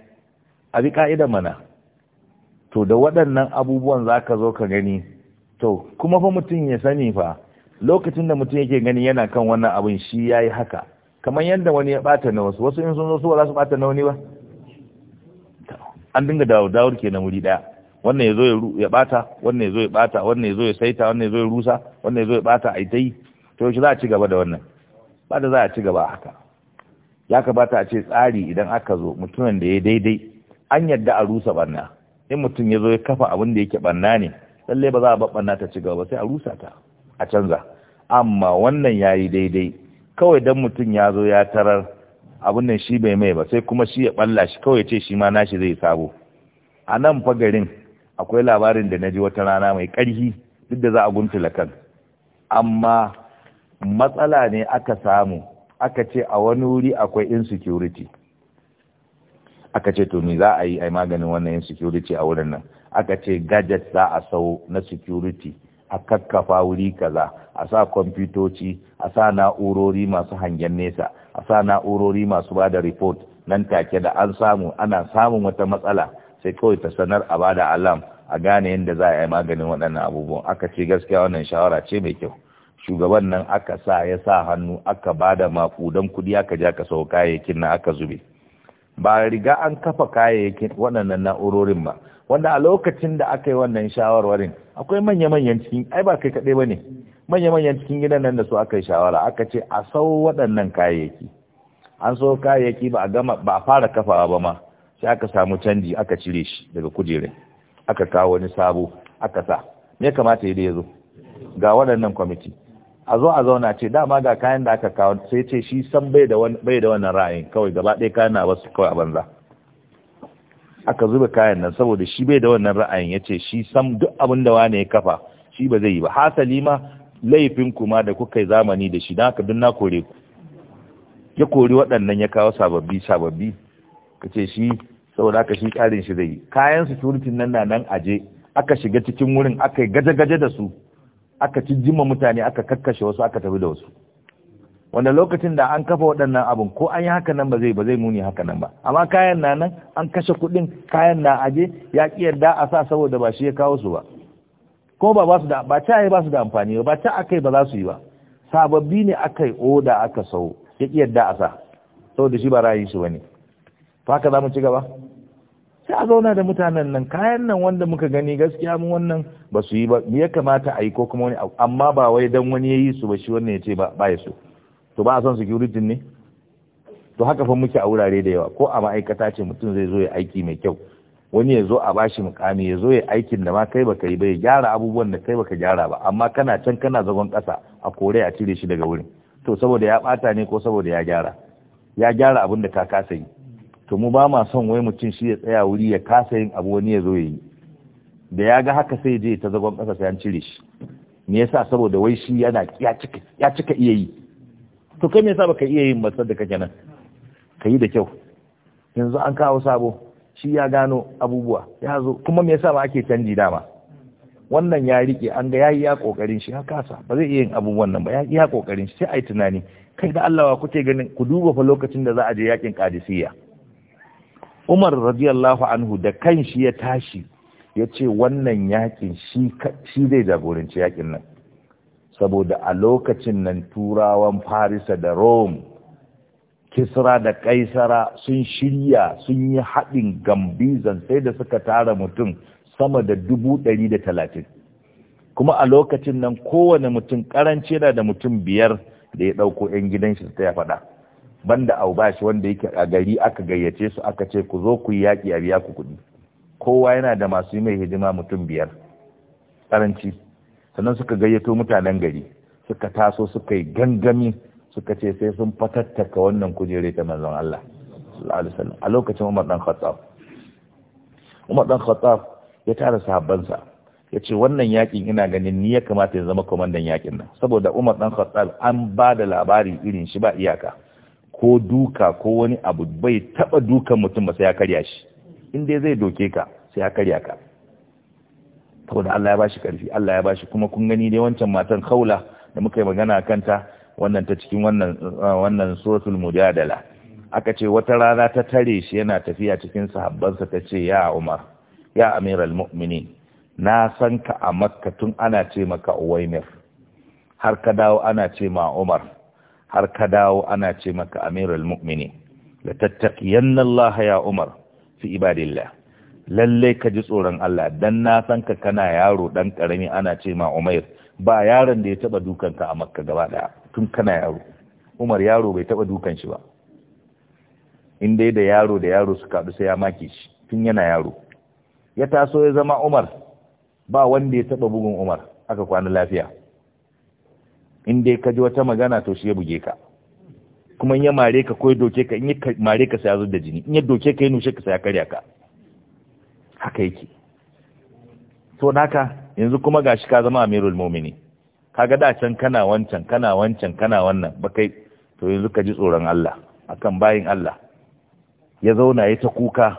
a bi ka'idar mana to da waɗannan abubuwan za ka zo ka gani to kuma fa mutum ya sani fa lokacin da mutum yake gani yana kan wannan abin shi ya yi haka kamar yadda wani ya ɓata na wasu wasu in sun zo su ba za su ɓata na wani ba an dinga dawo dawar ke na wuri ɗaya wannan ya zo ya ɓata wannan ya zo ya ɓata wannan ya zo ya saita wannan ya zo ya rusa wannan ya zo ya ɓata a ita yi to yaushe za a ci gaba da wannan ba da za a ci gaba haka ya kamata a ce tsari idan aka zo mutumin da ya daidai an yadda a rusa barna in mutum ya zo ya kafa abin da yake barna ne lallai ba za a barna ta ci gaba sai a rusa ta a canza amma wannan ya yi daidai kawai don mutum ya zo ya tarar abin nan shi bai mai ba sai kuma shi ya balla shi kawai ce shi ma nashi zai sabo a nan fa garin akwai labarin da na ji wata rana mai ƙarfi duk da za a guntula kan amma matsala ne aka samu aka ce a wani wuri akwai insecurity aka ce to me za a yi a maganin wannan yin security a wurin nan aka ce gadget za a sau na security a kakkafa wuri kaza a sa kwamfutoci a sa na'urori masu hangen nesa a sa na'urori masu ba da report nan take da an samu ana samun wata matsala sai kawai ta sanar a ba da alam a gane yadda za a yi maganin waɗannan abubuwan aka ce gaskiya wannan shawara ce mai kyau shugaban nan aka sa ya sa hannu aka ba da maƙudan kuɗi aka ja ka sau kayayyakin na aka zube ba riga an kafa kayayyakin waɗannan na'urorin ba wanda a lokacin da aka yi wannan shawarwarin akwai manya-manyan cikin ai ba kai kaɗai ba ne manya-manyan cikin gidan nan da su aka yi shawara aka ce a sau waɗannan kayayyaki an so kayayyaki ba a gama ba a fara kafawa ba ma sai aka samu canji aka cire shi daga kujerin aka kawo wani sabo aka sa me kamata ya da ya zo ga waɗannan kwamiti a zo a zauna ce dama ga kayan da aka kawo sai ce shi san bai da wannan ra'ayin kawai gaba ɗaya kayan na wasu kawai a banza aka zuba kayan nan saboda shi bai da wannan ra'ayin ya ce shi san duk abin da wane ya kafa shi ba zai yi ba hasali ma laifin kuma da kuka zamani da shi don haka duk na kore ku ya kori waɗannan ya kawo sababbi sababbi ka ce shi saboda aka shi ƙarin shi zai yi kayan security nan na nan aje aka shiga cikin wurin aka yi gaje-gaje da su aka ci cijjima mutane aka kakkashe wasu aka tafi da wasu wanda lokacin da an kafa waɗannan abin ko an yi haka nan ba zai ba zai muni haka nan ba amma kayan na nan an kashe kuɗin kayan na aje ya ƙi yarda a sa saboda ba shi ya kawo su ba ko ba basu da ba ta yi ba da amfani ba ta akai ba za su yi ba sababbi ne akai oda aka sau ya ƙi yarda a sa saboda shi ba ra'ayi shi bane fa haka za mu ci gaba sai a zauna da mutanen nan kayan nan wanda muka gani gaskiya mu wannan ba su yi ba ya kamata a yi ko kuma wani amma ba wai dan wani ya yi su ba shi wannan ya ce ba ya so to ba a son security ne to haka fa muke a wurare da yawa ko a ma'aikata ce mutum zai zo ya aiki mai kyau wani ya zo a bashi mukami ya zo ya aikin da ma kai baka yi ba ya gyara abubuwan da kai baka gyara ba amma kana can kana zagon kasa a kore a cire shi daga wurin to saboda ya bata ne ko saboda ya gyara ya gyara abin da ka kasa yi to mu ba ma son wai mutum shi ya tsaya wuri ya kasa yin abu wani ya zo yi da ya ga haka sai je ta zagon ƙasa sai an cire shi me yasa saboda wai shi yana ya cika ya cika iya yi to kai me yasa baka iya yin masar da kake nan ka yi da kyau yanzu an kawo sabo shi ya gano abubuwa ya zo kuma me yasa ba ake canji dama wannan ya rike an ga yayi ya kokarin shi ya kasa ba zai iya yin abubuwan nan ba ya kokarin shi sai ai tunani kai da Allah wa kuke ganin ku duba fa lokacin da za a je yakin Qadisiyya umar radiyallahu anhu da kan shi ya tashi ya ce wannan yakin shi zai jagoranci yakin nan saboda a lokacin nan turawan farisa da rome kisra da kaisara sun shirya sun yi haɗin gambizan sai da suka tara mutum sama da dubu ɗari da talatin kuma a lokacin nan kowane mutum ƙaranci yana da mutum biyar da ya ɗauko 'yan gidan shi ta ya faɗa banda shi wanda yake a gari aka gayyace su aka ce ku zo ku yi yaƙi a biya ku kuɗi kowa yana da masu yi mai hidima mutum biyar karanci sannan suka gayyato mutanen gari suka taso suka yi gangami suka ce sai sun fatattaka wannan kujere ta manzon Allah a lokacin Umar dan Khattab Umar dan Khattab ya tara sahabbansa ya ce wannan yakin ina ganin ni ya kamata ya zama kwamandan yakin nan saboda Umar dan Khattab an ba da labari irin shi ba iyaka ko duka ko wani abu bai taba dukan mutum ba sai ya karya shi dai zai doke ka sai ya karya ka saboda Allah ya bashi karfi Allah ya bashi kuma kun gani dai wancan matan kaula da muka yi magana kanta wannan ta cikin wannan uh, wannan suratul mujadala aka ce wata rana ta tare shi yana tafiya cikin sahabbansa ta ce ya Umar ya Amiral Mu'minin na san ka a Makka tun ana ce maka Uwaimir har ka dawo ana ce ma Umar har ka dawo ana ce maka amirul mu'mini la tattaqiyanna Allah ya Umar fi ibadillah lalle ka ji tsoron Allah dan na san ka kana yaro dan karami ana ce ma Umair ba yaron da ya taba dukan ka a Makka gaba daya tun kana yaro Umar yaro bai taba dukan shi ba in da yaro da yaro suka haɗu sai ya maki shi tun yana yaro ya taso ya zama Umar ba wanda ya taba bugun Umar aka kwana lafiya in dai ka ji wata magana to shi ya buge ka kuma in ya mare ka ko ya doke ka in ya mare ka sai ya zo da jini in ya doke ka ya nushe ka sai ya karya ka haka yake to naka yanzu kuma gashi ka zama amirul mumini kaga da can kana wancan kana wancan kana wannan ba kai to yanzu ka ji tsoron Allah akan bayin Allah ya zauna ya ta kuka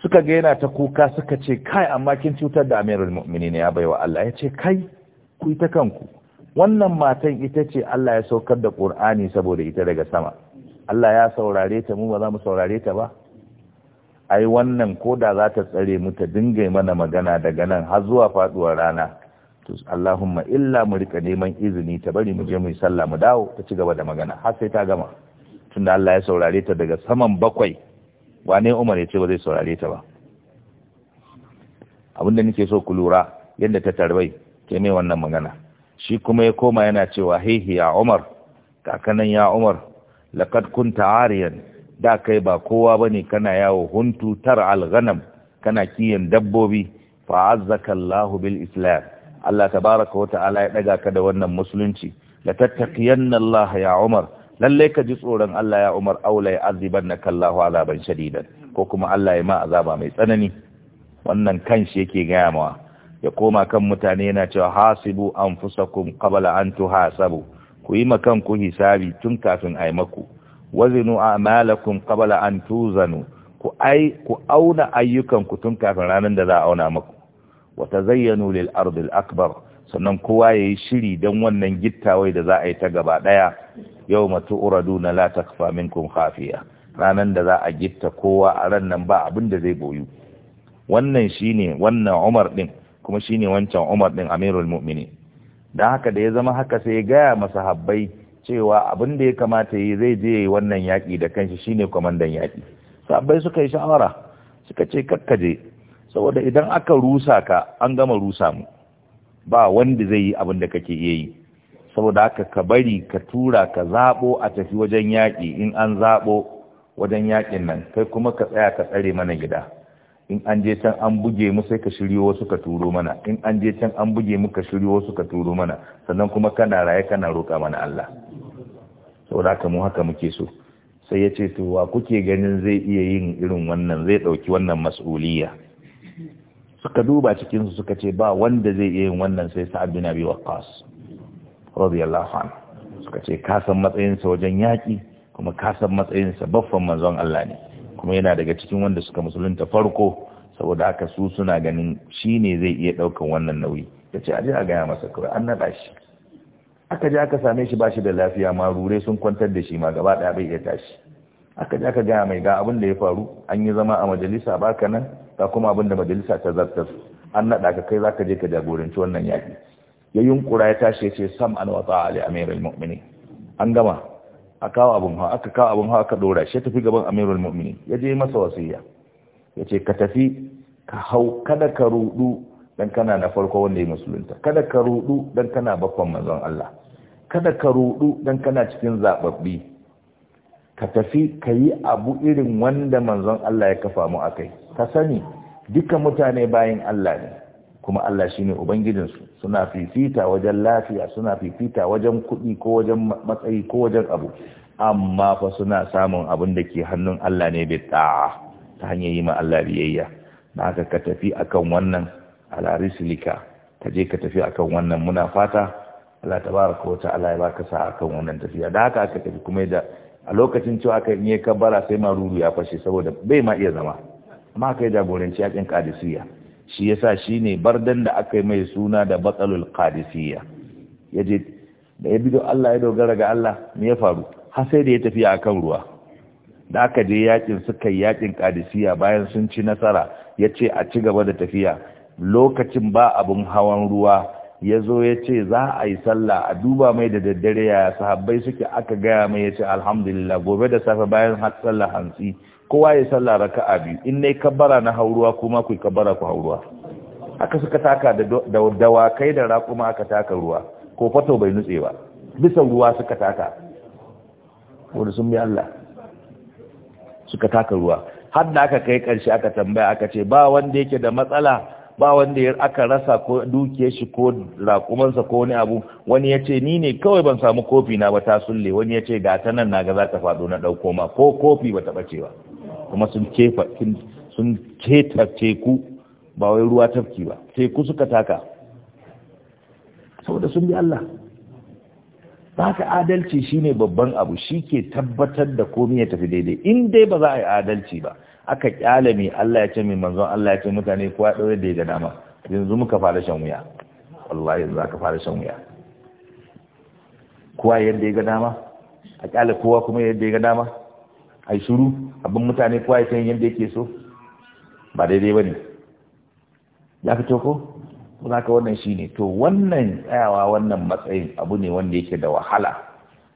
suka ga yana ta kuka suka ce kai amma kin cutar da amirul mu'minin ya baiwa Allah ya ce kai ku yi kanku wannan matan ita ce Allah ya saukar da ƙur'ani saboda ita daga sama Allah ya saurare ta mu ba za mu saurare ta ba ai wannan koda za ta tsare mu ta dinga mana magana daga nan har zuwa faduwar rana to Allahumma illa mu rika neman izini ta bari mu je mu yi sallah mu dawo ta ci gaba da magana har sai ta gama tunda Allah ya saurare ta daga saman bakwai wane Umar ya ce ba zai saurare ta ba abinda nake so ku lura yadda ta tarbai ke ne wannan magana shi kuma ya koma yana cewa hehe ya umar kakanan ya umar laqad kunta ariyan da kai ba kowa bane kana yawo huntu tar alghanam kana kiyan dabbobi fa azzaka Allahu bil islam Allah tabaraka wa ta'ala ya daga ka da wannan musulunci la tattaqiyanna Allah ya umar lalle ka ji tsoron Allah ya umar aula ya azibannaka Allahu azaban shadidan ko kuma Allah ya ma azaba mai tsanani wannan kanshi yake gaya mawa ya koma kan mutane yana cewa hasibu anfusakum qabla an tuhasabu ku yi makan ku hisabi tun kafin ai maku wazinu a'malakum qabla an tuzanu ku ai ku auna ayyukan ku tun kafin ranar da za a auna maku wa tazayyanu lil ardi al akbar sannan kowa yayi shiri dan wannan gittawai da za a yi ta gaba daya yawma tu'raduna la takfa minkum khafiya ranan da za a gitta kowa a ran nan ba abin da zai boyu wannan shine wannan Umar din kuma shine wancan Umar din Amirul Mu'mini. dan haka da ya zama haka sai ya gaya masahabbai cewa abin da ya kamata yi zai je yi wannan yaƙi da kanshi shine kwamandan yaƙi sahabbai suka yi shawara suka ce kakkaje saboda idan aka rusa ka an gama rusa mu ba wanda zai yi abin da kake iya yi saboda haka ka bari ka tura ka zaɓo a tafi wajen yaƙi in an zaɓo wajen yaƙin nan kai kuma ka tsaya ka tsare mana gida in an je can an buge mu sai ka shiryo wasu ka turo mana in an je can an buge mu ka shiryo wasu ka turo mana sannan kuma kana raye kana roƙa mana Allah saboda haka mu haka muke so sai ya ce to wa kuke ganin zai iya yin irin wannan zai ɗauki wannan mas'uliya suka duba cikinsu suka ce ba wanda zai iya yin wannan sai sa'ad bin abi waqqas radiyallahu anhu suka ce ka san matsayinsa wajen yaki, kuma ka san matsayinsa baffan manzon Allah ne kuma yana daga cikin wanda suka musulunta farko saboda haka su suna ganin shi ne zai iya ɗaukan wannan nauyi ya ce aje a gaya masa kawai an naɗa shi aka je aka same shi ba shi da lafiya ma rure sun kwantar da shi ma gaba ɗaya bai iya tashi aka je aka gaya mai ga abin da ya faru an yi zama a majalisa baka nan ga kuma abin da majalisa ta zartar an naɗa ka kai zaka je ka jagoranci wannan yaƙi ya yunkura ya tashi ya ce sam an wata ali amirul mu'minin an gama a kawo abin hawa aka kawo abin hawa aka dora shi tafi gaban amirul mu'mini ya je masa wasiya ya ce ka tafi ka hau kada ka rudu dan kana na farko wanda ya musulunta kada ka rudu dan kana bakon manzon Allah kada ka rudu dan kana cikin zababbi ka tafi ka yi abu irin wanda manzon Allah ya kafa mu akai ka sani duka mutane bayin Allah ne kuma Allah shi ne Ubangijinsu suna fifita wajen lafiya suna fifita wajen kuɗi ko wajen matsayi ko wajen abu amma fa suna samun abin da ke hannun Allah ne bai ta ta hanyar yi ma Allah biyayya na haka ka tafi akan wannan alarisilika ka je ka tafi akan wannan muna fata Allah tabaraka wa ta'ala ya baka sa akan wannan tafiya da haka aka tafi kuma da a lokacin cewa aka yi kabbara sai maruru ya fashe saboda bai ma iya zama amma kai jagoranci yakin kadisiya shi yasa shine bardan da aka yi mai suna da batsalul qadisiyya yaje da ya bido Allah ya dogara ga Allah me ya faru har sai da ya tafi akan ruwa da aka je yakin suka yi yakin qadisiyya bayan sun ci nasara yace a ci gaba da tafiya lokacin ba abin hawan ruwa ya zo ya ce za a yi sallah a duba mai da daddare ya sahabbai suke aka gaya mai ya ce alhamdulillah gobe da safe bayan sallah hantsi kowa ya sallah raka a biyu in na yi kabara na hauruwa kuma ku kabbara ku hauruwa aka suka taka da dawakai da raƙuma aka taka ruwa ko fato bai nutse ba bisa ruwa suka taka Wani sun bi Allah suka taka ruwa har aka kai ƙarshe aka tambaya aka ce ba wanda yake da matsala ba wanda ya aka rasa ko dukiyar shi ko raƙumansa ko wani abu wani ya ce ni ne kawai ban samu kofi na ba ta sulle wani ya ce ga ta nan na ga za ta faɗo na ɗauko ma ko kofi ba ta ɓace ba kuma sun kefa sun keta teku ba wai ruwa tafki ba teku suka taka saboda sun bi Allah ba ka adalci shine babban abu shi ke tabbatar da komai ya tafi daidai in dai ba za a yi adalci ba aka kyale mai Allah ya ce mai manzon Allah ya ce mutane kowa ɗaure da ya gada ma yanzu muka fara shan wuya wallahi yanzu ka fara shan wuya kowa yadda ya gada ma a kyale kowa kuma yadda ya gada ma a yi shuru abin mutane kowa ya san yadda yake so ba daidai ba ne ya fito ko za ka wannan shi ne to wannan tsayawa wannan matsayin abu ne wanda yake da wahala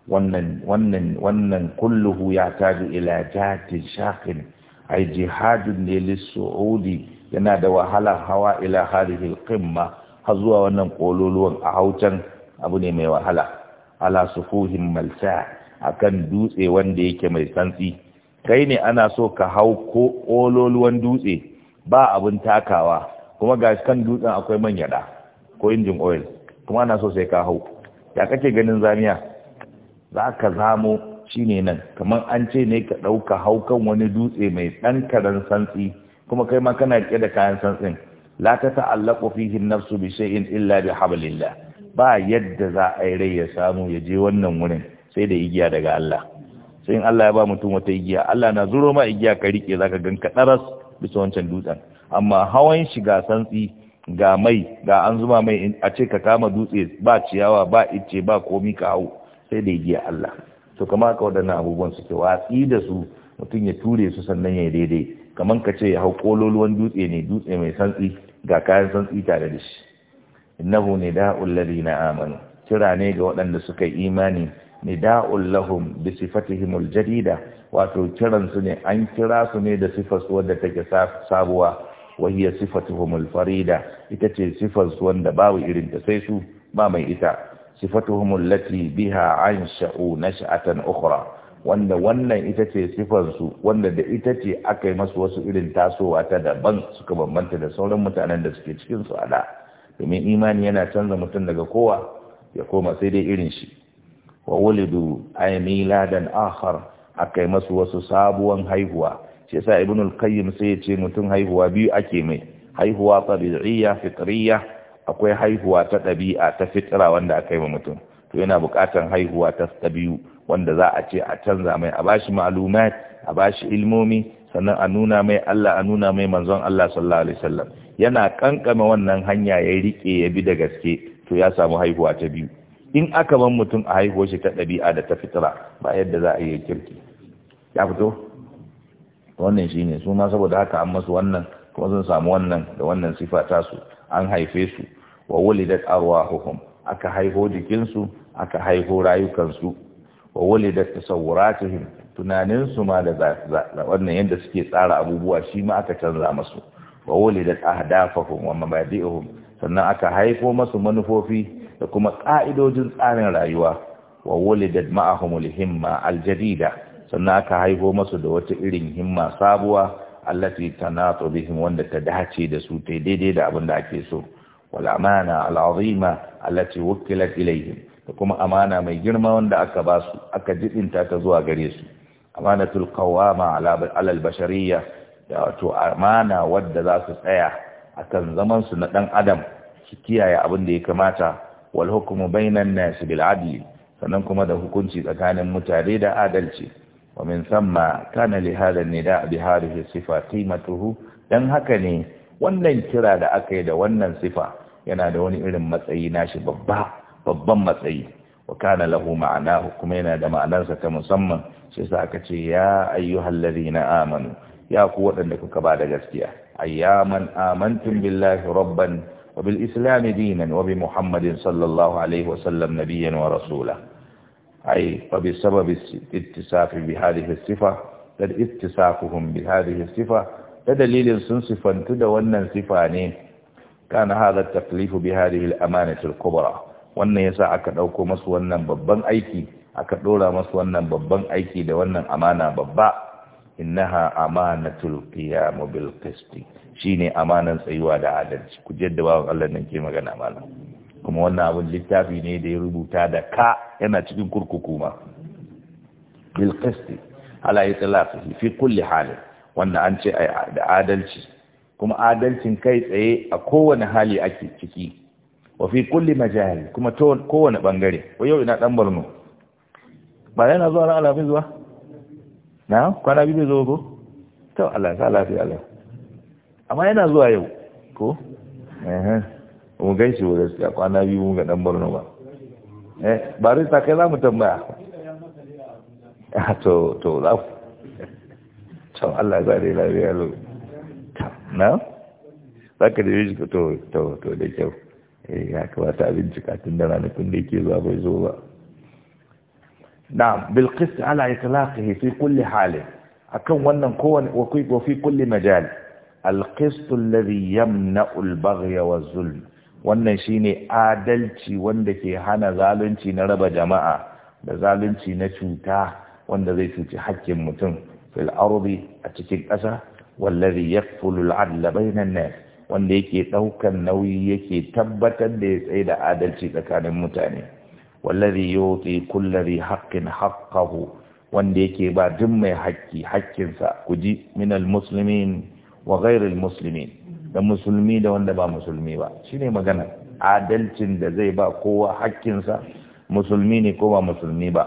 wannan wannan wannan kulluhu ya taju ila jatin shakin ai jihadun ne lissu'udi yana da wahala hawa ila hadihil qimma har zuwa wannan ƙololuwan a haucan abu ne mai wahala ala sufuhin a akan dutse wanda yake mai santsi kai ne ana so ka hau ko kololuwan dutse ba abin takawa kuma ga kan dutsen akwai man yada ko injin oil kuma ana so sai ka hau ya kake ganin zamiya za ka zamo shine nan kamar an ce ne ka ɗauka haukan wani dutse mai ɗan karan santsi kuma kai ma kana riƙe da kayan santsin la ta ta'allaqu fihi nafsu bi shay'in illa bi hablillah ba yadda za a yi rai ya samu ya je wannan wurin sai da igiya daga Allah sai in Allah ya ba mutum wata igiya Allah na zuro ma igiya ka rike zaka gan ka daras bisa wancan dutsen amma hawan shiga santsi ga mai ga an zuma mai a ce ka kama dutse ba ciyawa ba icce ba komi ka hau sai da igiya Allah to kama ka waɗannan abubuwan suke watsi da su mutum ya ture su sannan ya daidai kamar ka ce ya hau kololuwan dutse ne dutse mai santsi ga kayan santsi tare da shi innahu da'ul ladina amanu kira ne ga waɗanda suka yi imani da'ul lahum bi sifatihimul jadida wato kiran su ne an kira su ne da sifar su wadda take sabuwa wa hiya sifatuhumul farida ita ce sifar su wanda babu irin ta sai su ba mai ita sifatuhum allati biha na sha'atan ukhra wanda wannan ita ce sifarsu wanda da ita ce aka yi masu wasu irin tasowa ta daban suka bambanta da sauran mutanen da suke cikin su ada domin imani yana canza mutum daga kowa ya koma sai dai irin shi wa wulidu ay miladan akhar aka yi masu wasu sabuwan haihuwa shi yasa ibnul qayyim sai ya ce mutum haihuwa biyu ake mai haihuwa tabi'iyya fitriyya akwai haihuwa ta ɗabi'a ta fitra wanda aka yi wa mutum to yana buƙatar haihuwa ta ɗabi'u wanda za a ce a canza mai a bashi ma'aluma a bashi ilmomi sannan a nuna mai Allah a nuna mai manzon Allah sallallahu alaihi wasallam yana kankama wannan hanya ya rike ya bi da gaske to ya samu haihuwa ta biyu in aka ban mutum a haihuwar shi ta ɗabi'a da ta fitira ba yadda za a yi kirki ya fito wannan shi ne su ma saboda haka an masu wannan kuma sun samu wannan da wannan sifa tasu an haife su wa wulidat arwahuhum aka haiho jikinsu aka haiho rayukansu wa wulidat tasawuratuhum tunaninsu ma da wannan yadda suke tsara abubuwa shi ma aka canza masu wa wulidat ahdafuhum wa mabadi'uhum sannan aka haifo masu manufofi da kuma ƙa'idojin tsarin rayuwa wa wulidat ma'ahumul himma aljadida sannan aka haifo masu da wata irin himma sabuwa allati tanatu bihim wanda ta dace da su daidai da abin da ake so والأمانة العظيمة التي وكلت إليهم وكما أمانة من جرمة وند أكباس أكجد انت تزوى قريس أمانة القوامة على البشرية أمانة ود ذات سيح أكن زمن سنة أدم شكيها يا أبن دي كماتا والحكم بين الناس بالعدل فننكم هذا hukunci tsakanin mutane da adalci ومن ثم كان لهذا النداء بهذه الصفة قيمته dan haka ne wannan kira da aka yi da wannan sifa yana da wani irin matsayi nashi babba babban matsayi wa kana lahu ma'ana kuma yana da ma'anarsa ta musamman sai sa aka ce ya ayyuhal ladina amanu ya ku wadanda kuka ba da gaskiya ayyaman amantum billahi rabban wa bil islam dinan wa bi muhammadin sallallahu alaihi wa sallam nabiyyan wa rasula ay fa bi sababi ittisafi bi hadhihi sifa kad ittisafuhum bi hadhihi sifa ta dalilin sun sifantu da wannan sifa ne kana hada taklifu bi hadhihi al-amanati al-kubra wannan yasa aka dauko masu wannan babban aiki aka dora masu wannan babban aiki da wannan amana babba innaha amanatul qiyam bil qist shine amanan tsayuwa da adalci ku jadda bawan Allah nan ke magana malam kuma wannan abin littafi ne da ya rubuta da ka yana cikin kurkuku ma bil qist ala yatlaqi fi kulli halin wanda an ce da adalci kuma adalcin kai tsaye a kowane hali ake ciki wa fi kulli majali kuma kowane bangare wa yau ina dan Borno ba yana zuwa ran alafin zuwa na kwana biyu zo ko to Allah ta lafiya Allah amma yana zuwa yau ko eh mu gaishe wa gaskiya kwana biyu mun ga dan Borno ba eh bari ta kai za mu tambaya [LAUGHS] to to za can Allah za da lafiya na za ka da yi to to to da kyau eh, ya kamata a bincika tun da ranakun da ke zuwa bai zo ba ala itlaqihi fi kulli hali akan wannan kowane wa fi kulli majal al alladhi yamna'u al wa zulm wannan shine adalci wanda ke hana zalunci na raba jama'a da zalunci na cuta wanda zai cuci haƙƙin mutum fil ardi a cikin ƙasa wallazi ya al-adla bainan nas wanda yake ɗaukan nauyi yake tabbatar da ya tsaye da adalci tsakanin mutane wallazi yuti kullari haƙƙin Haƙƙahu, wanda yake ba duk mai haƙƙi haƙƙinsa ku ji minal muslimin wa ghairil Musulmin, da musulmi da wanda ba musulmi ba shine magana adalcin da zai ba kowa haƙƙinsa musulmi ne ko ba musulmi ba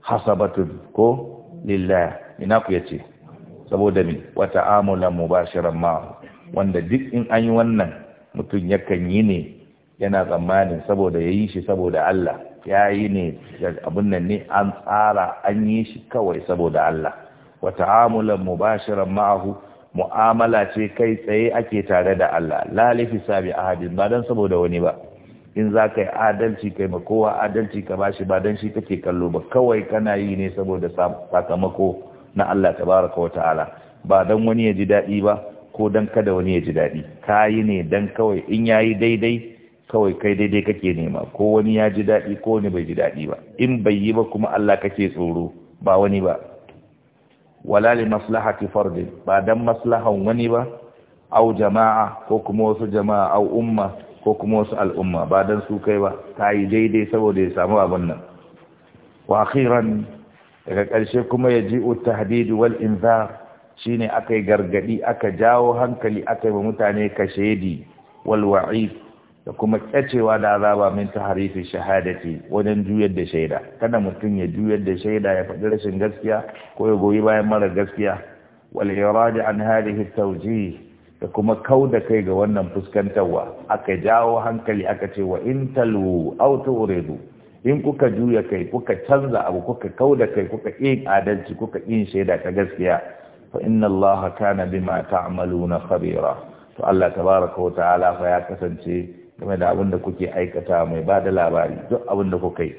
hasabatun ko lillah ina ku yace saboda me wa ta'amulan mubashiran ma wanda duk in an yi wannan mutum yakan yi ne yana tsammanin saboda ya yi shi saboda Allah ya yi ne abin nan ne an tsara an yi shi kawai saboda Allah wa ta'amulan mubashiran ma'ahu mu'amala ce kai tsaye ake tare da Allah la lifi sabi ahadin ba dan saboda wani ba in za ka yi adalci kai ma kowa adalci ka bashi ba don shi kake kallo ba kawai kana yi ne saboda sakamako na Allah baraka wa ta'ala ba don wani ya ji daɗi ba ko don kada wani ya ji daɗi ka yi ne don kawai in ya yi daidai kawai kai daidai kake nema ko wani ya ji daɗi ko wani bai ji daɗi ba in bai yi ba kuma Allah kake tsoro ba wani ba wala li maslahati fardin ba dan maslahan wani ba au jama'a ko kuma wasu jama'a au umma ko kuma wasu al'umma ba don su kai ba ta yi daidai saboda ya samu abin nan wa daga ƙarshe kuma ya ji tahdid wal inzar shine akai gargadi aka jawo hankali akai wa mutane kashedi wal wa'id da kuma ƙyacewa da azaba min tahrifi shahadati wajen juyar da shaida kada mutum ya juyar da shaida ya faɗi rashin gaskiya ko ya goyi bayan mara gaskiya wal iradi an hadhihi tawjih da kuma kau da kai ga wannan fuskantarwa aka jawo hankali aka ce wa in talu aw in kuka juya kai kuka canza abu kuka kau da kai kuka yin adalci kuka in shaida ta gaskiya fa inna allaha kana bima ta'maluna khabira to Allah tabaraka wa ta'ala fa ya kasance game da abin da kuke aikata mai ba da labari duk abin da kuka yi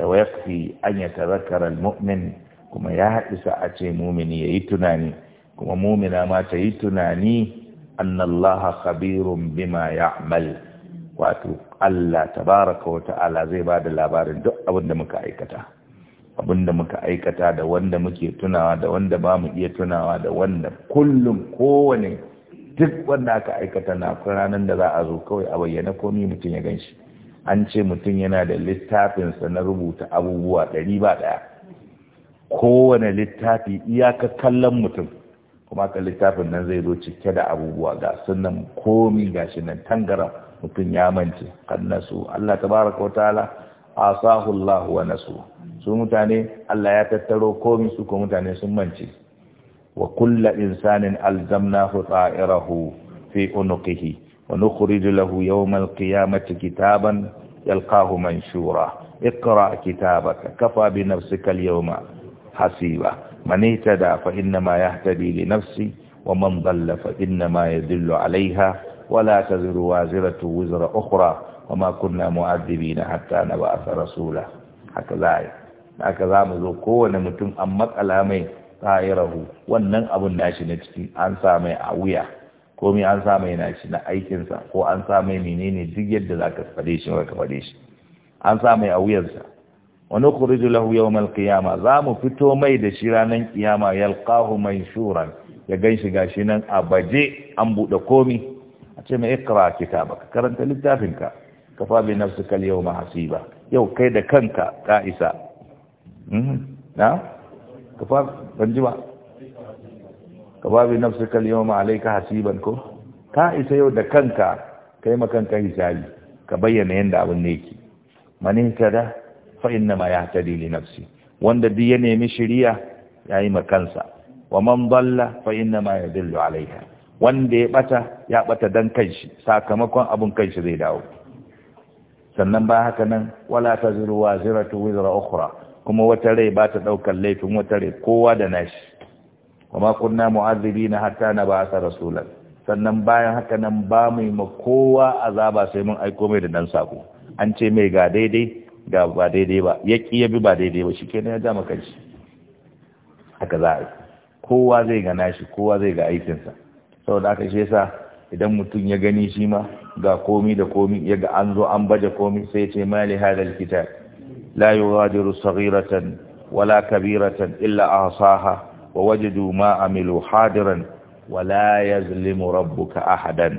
wa yakfi an yatadhakkara almu'min kuma ya isa a ce mumini yayi tunani kuma mumina ma ta yi tunani annallaha khabirun bima ya'mal wato Allah Ta baraka wata ta'ala zai ba da labarin duk abin da muka aikata abin da muka aikata da wanda muke tunawa da wanda ba mu iya tunawa da wanda kullum kowane duk wanda aka aikata na ranar da za a zo kawai a bayyana komi mutum ya ganshi. an ce mutum yana da littafinsa na rubuta abubuwa ɗari ba ɗaya kowane littafi iya ka kallon mutum kuma ka littafin nan zai zo cike da abubuwa ga sunan komi ga shi nan tangaram mutum ya mance kan nasu Allah tabaraka wa ta'ala asahu Allah wa nasu su mutane Allah ya tattaro komi su ko mutane sun mance wa kullu insanin alzamnahu ta'irahu fi unqihi wa nukhriju lahu yawmal qiyamati kitaban yalqahu manshura اقرأ كتابك كفى بنفسك اليوم حسيبا man da fa ya yahtadi li nafsi wa man dhalla fa innama yadhillu 'alayha wa la taziru waziratu wizra ukhra wa ma kunna mu'adhibina hatta nab'atha rasula haka zai haka zamu zo kowane mutum an matsala mai rahu. wannan abun nashi na ciki an sa mai a wuya komai an sa mai nashi na aikinsa ko an sa mai menene duk yadda zaka fade ka fade shi an sa mai a wuyansa wa nukhriju lahu yawmal qiyama za mu fito mai da shi ranar kiyama yalqahu manshuran ya ganshi gashi nan a baje an bude komi a ce mai ikra kitabaka karanta littafinka kafa bi nafsika al-yawma hasiba yau kai da kanka ka isa hmm? na kafa banji ba kafa bi nafsika al-yawma alayka hasiban ko ka isa yau da kanka kai makanka hisabi ka bayyana yanda abin ne yake manin kada fa inna ma yahtadi li nafsi wanda duk ya nemi shiriya yayi ma kansa wa man dalla fa inna ma yadullu alaiha wanda ya bata ya bata dan kanshi sakamakon abun kanshi zai dawo sannan ba haka nan wala taziru ziratu wizra ukhra kuma wata rai ba ta daukar laifin wata rai kowa da nashi kuma kunna na hatta na ba'atha rasulan sannan bayan haka nan ba mu ma kowa azaba sai mun aiko mai da dan sako an ce mai ga daidai ga ba daidai ba ya ki ya bi ba daidai ba shi kenan ya dama shi. haka za a yi kowa zai gana shi kowa zai ga aikinsa saboda aka shi yasa idan mutum ya gani shi ma ga komi da komi ya ga an zo an baje komi sai ya ce mali hadal kitab la yughadiru saghiratan wala kabiratan illa ahsaha wa wajadu ma amilu hadiran wala yazlimu rabbuka ahadan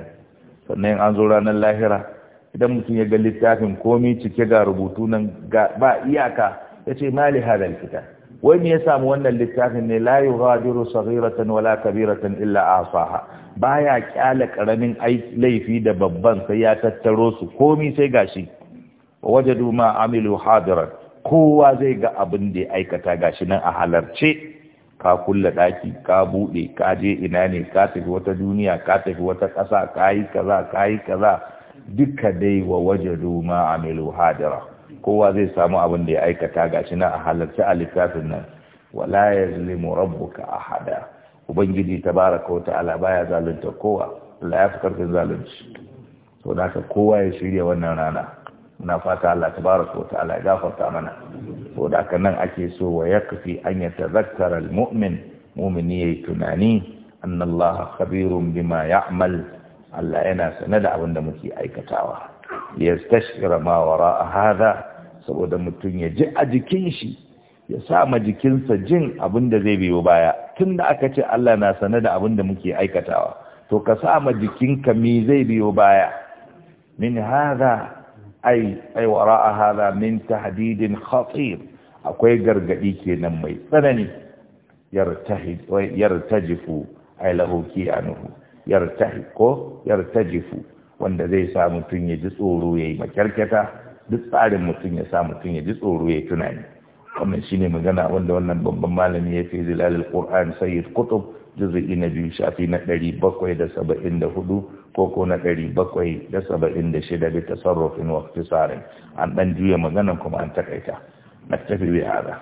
sannan an zo ranar lahira idan mutum ya ga littafin komi cike ga rubutu nan ba iyaka ya ce mali hadal kita wai me ya samu wannan littafin ne la yughadiru saghiratan wala kabiratan illa asaha baya kyale karamin laifi da babban sai ya tattaro su komi sai gashi waje ma amilu hadiran kowa zai ga abin da ya aikata gashi nan a halarce ka kulle daki ka bude ka je ina ne ka tafi wata duniya ka tafi wata ƙasa ka yi kaza ka yi kaza duka dai wa wajadu ma amilu hadira kowa zai samu abin da ya aikata gashi na a halarci a littafin nan wala ya yazlimu rabbuka ahada ubangiji tabaraka wa ta'ala baya zalunta kowa Allah ya fi karfin zalunci to da ka kowa ya shirya wannan rana na fata Allah tabaraka wa ta'ala ya gafarta mana to da nan ake so wa yakfi an mumin, almu'min mu'mini yayi tunani annallaha Allah khabirun bima ya'mal Allah yana sane da abin da muke aikatawa yastashira ma wara hadha saboda mutum ya ji a jikin shi ya sa ma jikinsa jin abin da zai biyo baya tunda aka ce Allah na sane da abin da muke aikatawa to ka sa ma jikinka me zai biyo baya min hadha ai ai wara hadha min tahdidin khatir akwai gargadi kenan mai tsanani yartahi yartajifu ai lahu kiyanuhu yartahi ko yartajifu wanda zai sa mutum ya ji tsoro ya yi duk tsarin mutum ya sa mutum ya ji tsoro ya tunani wannan shine magana wanda wannan babban malami ya fi zilalil qur'an sayyid Kutub, juz'i na biyu shafi na ɗari bakwai da saba'in da hudu ko na ɗari bakwai da saba'in da shida bi tasarrufin wa an ɗan juya maganan kuma an takaita na tafi bi hada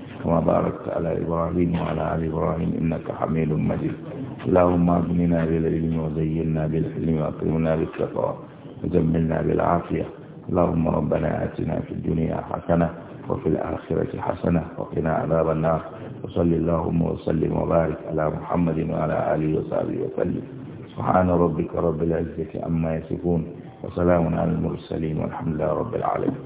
كما باركت على إبراهيم وعلى آل إبراهيم إنك حميد مجيد اللهم أغننا بالعلم وزينا بالحلم وأكرمنا بالتقوى وجملنا بالعافية اللهم ربنا آتنا في الدنيا حسنة وفي الآخرة حسنة وقنا عذاب النار وصل اللهم وسلم وبارك على محمد وعلى آله وصحبه وسلم سبحان ربك رب العزة عما يصفون وسلام على المرسلين والحمد لله رب العالمين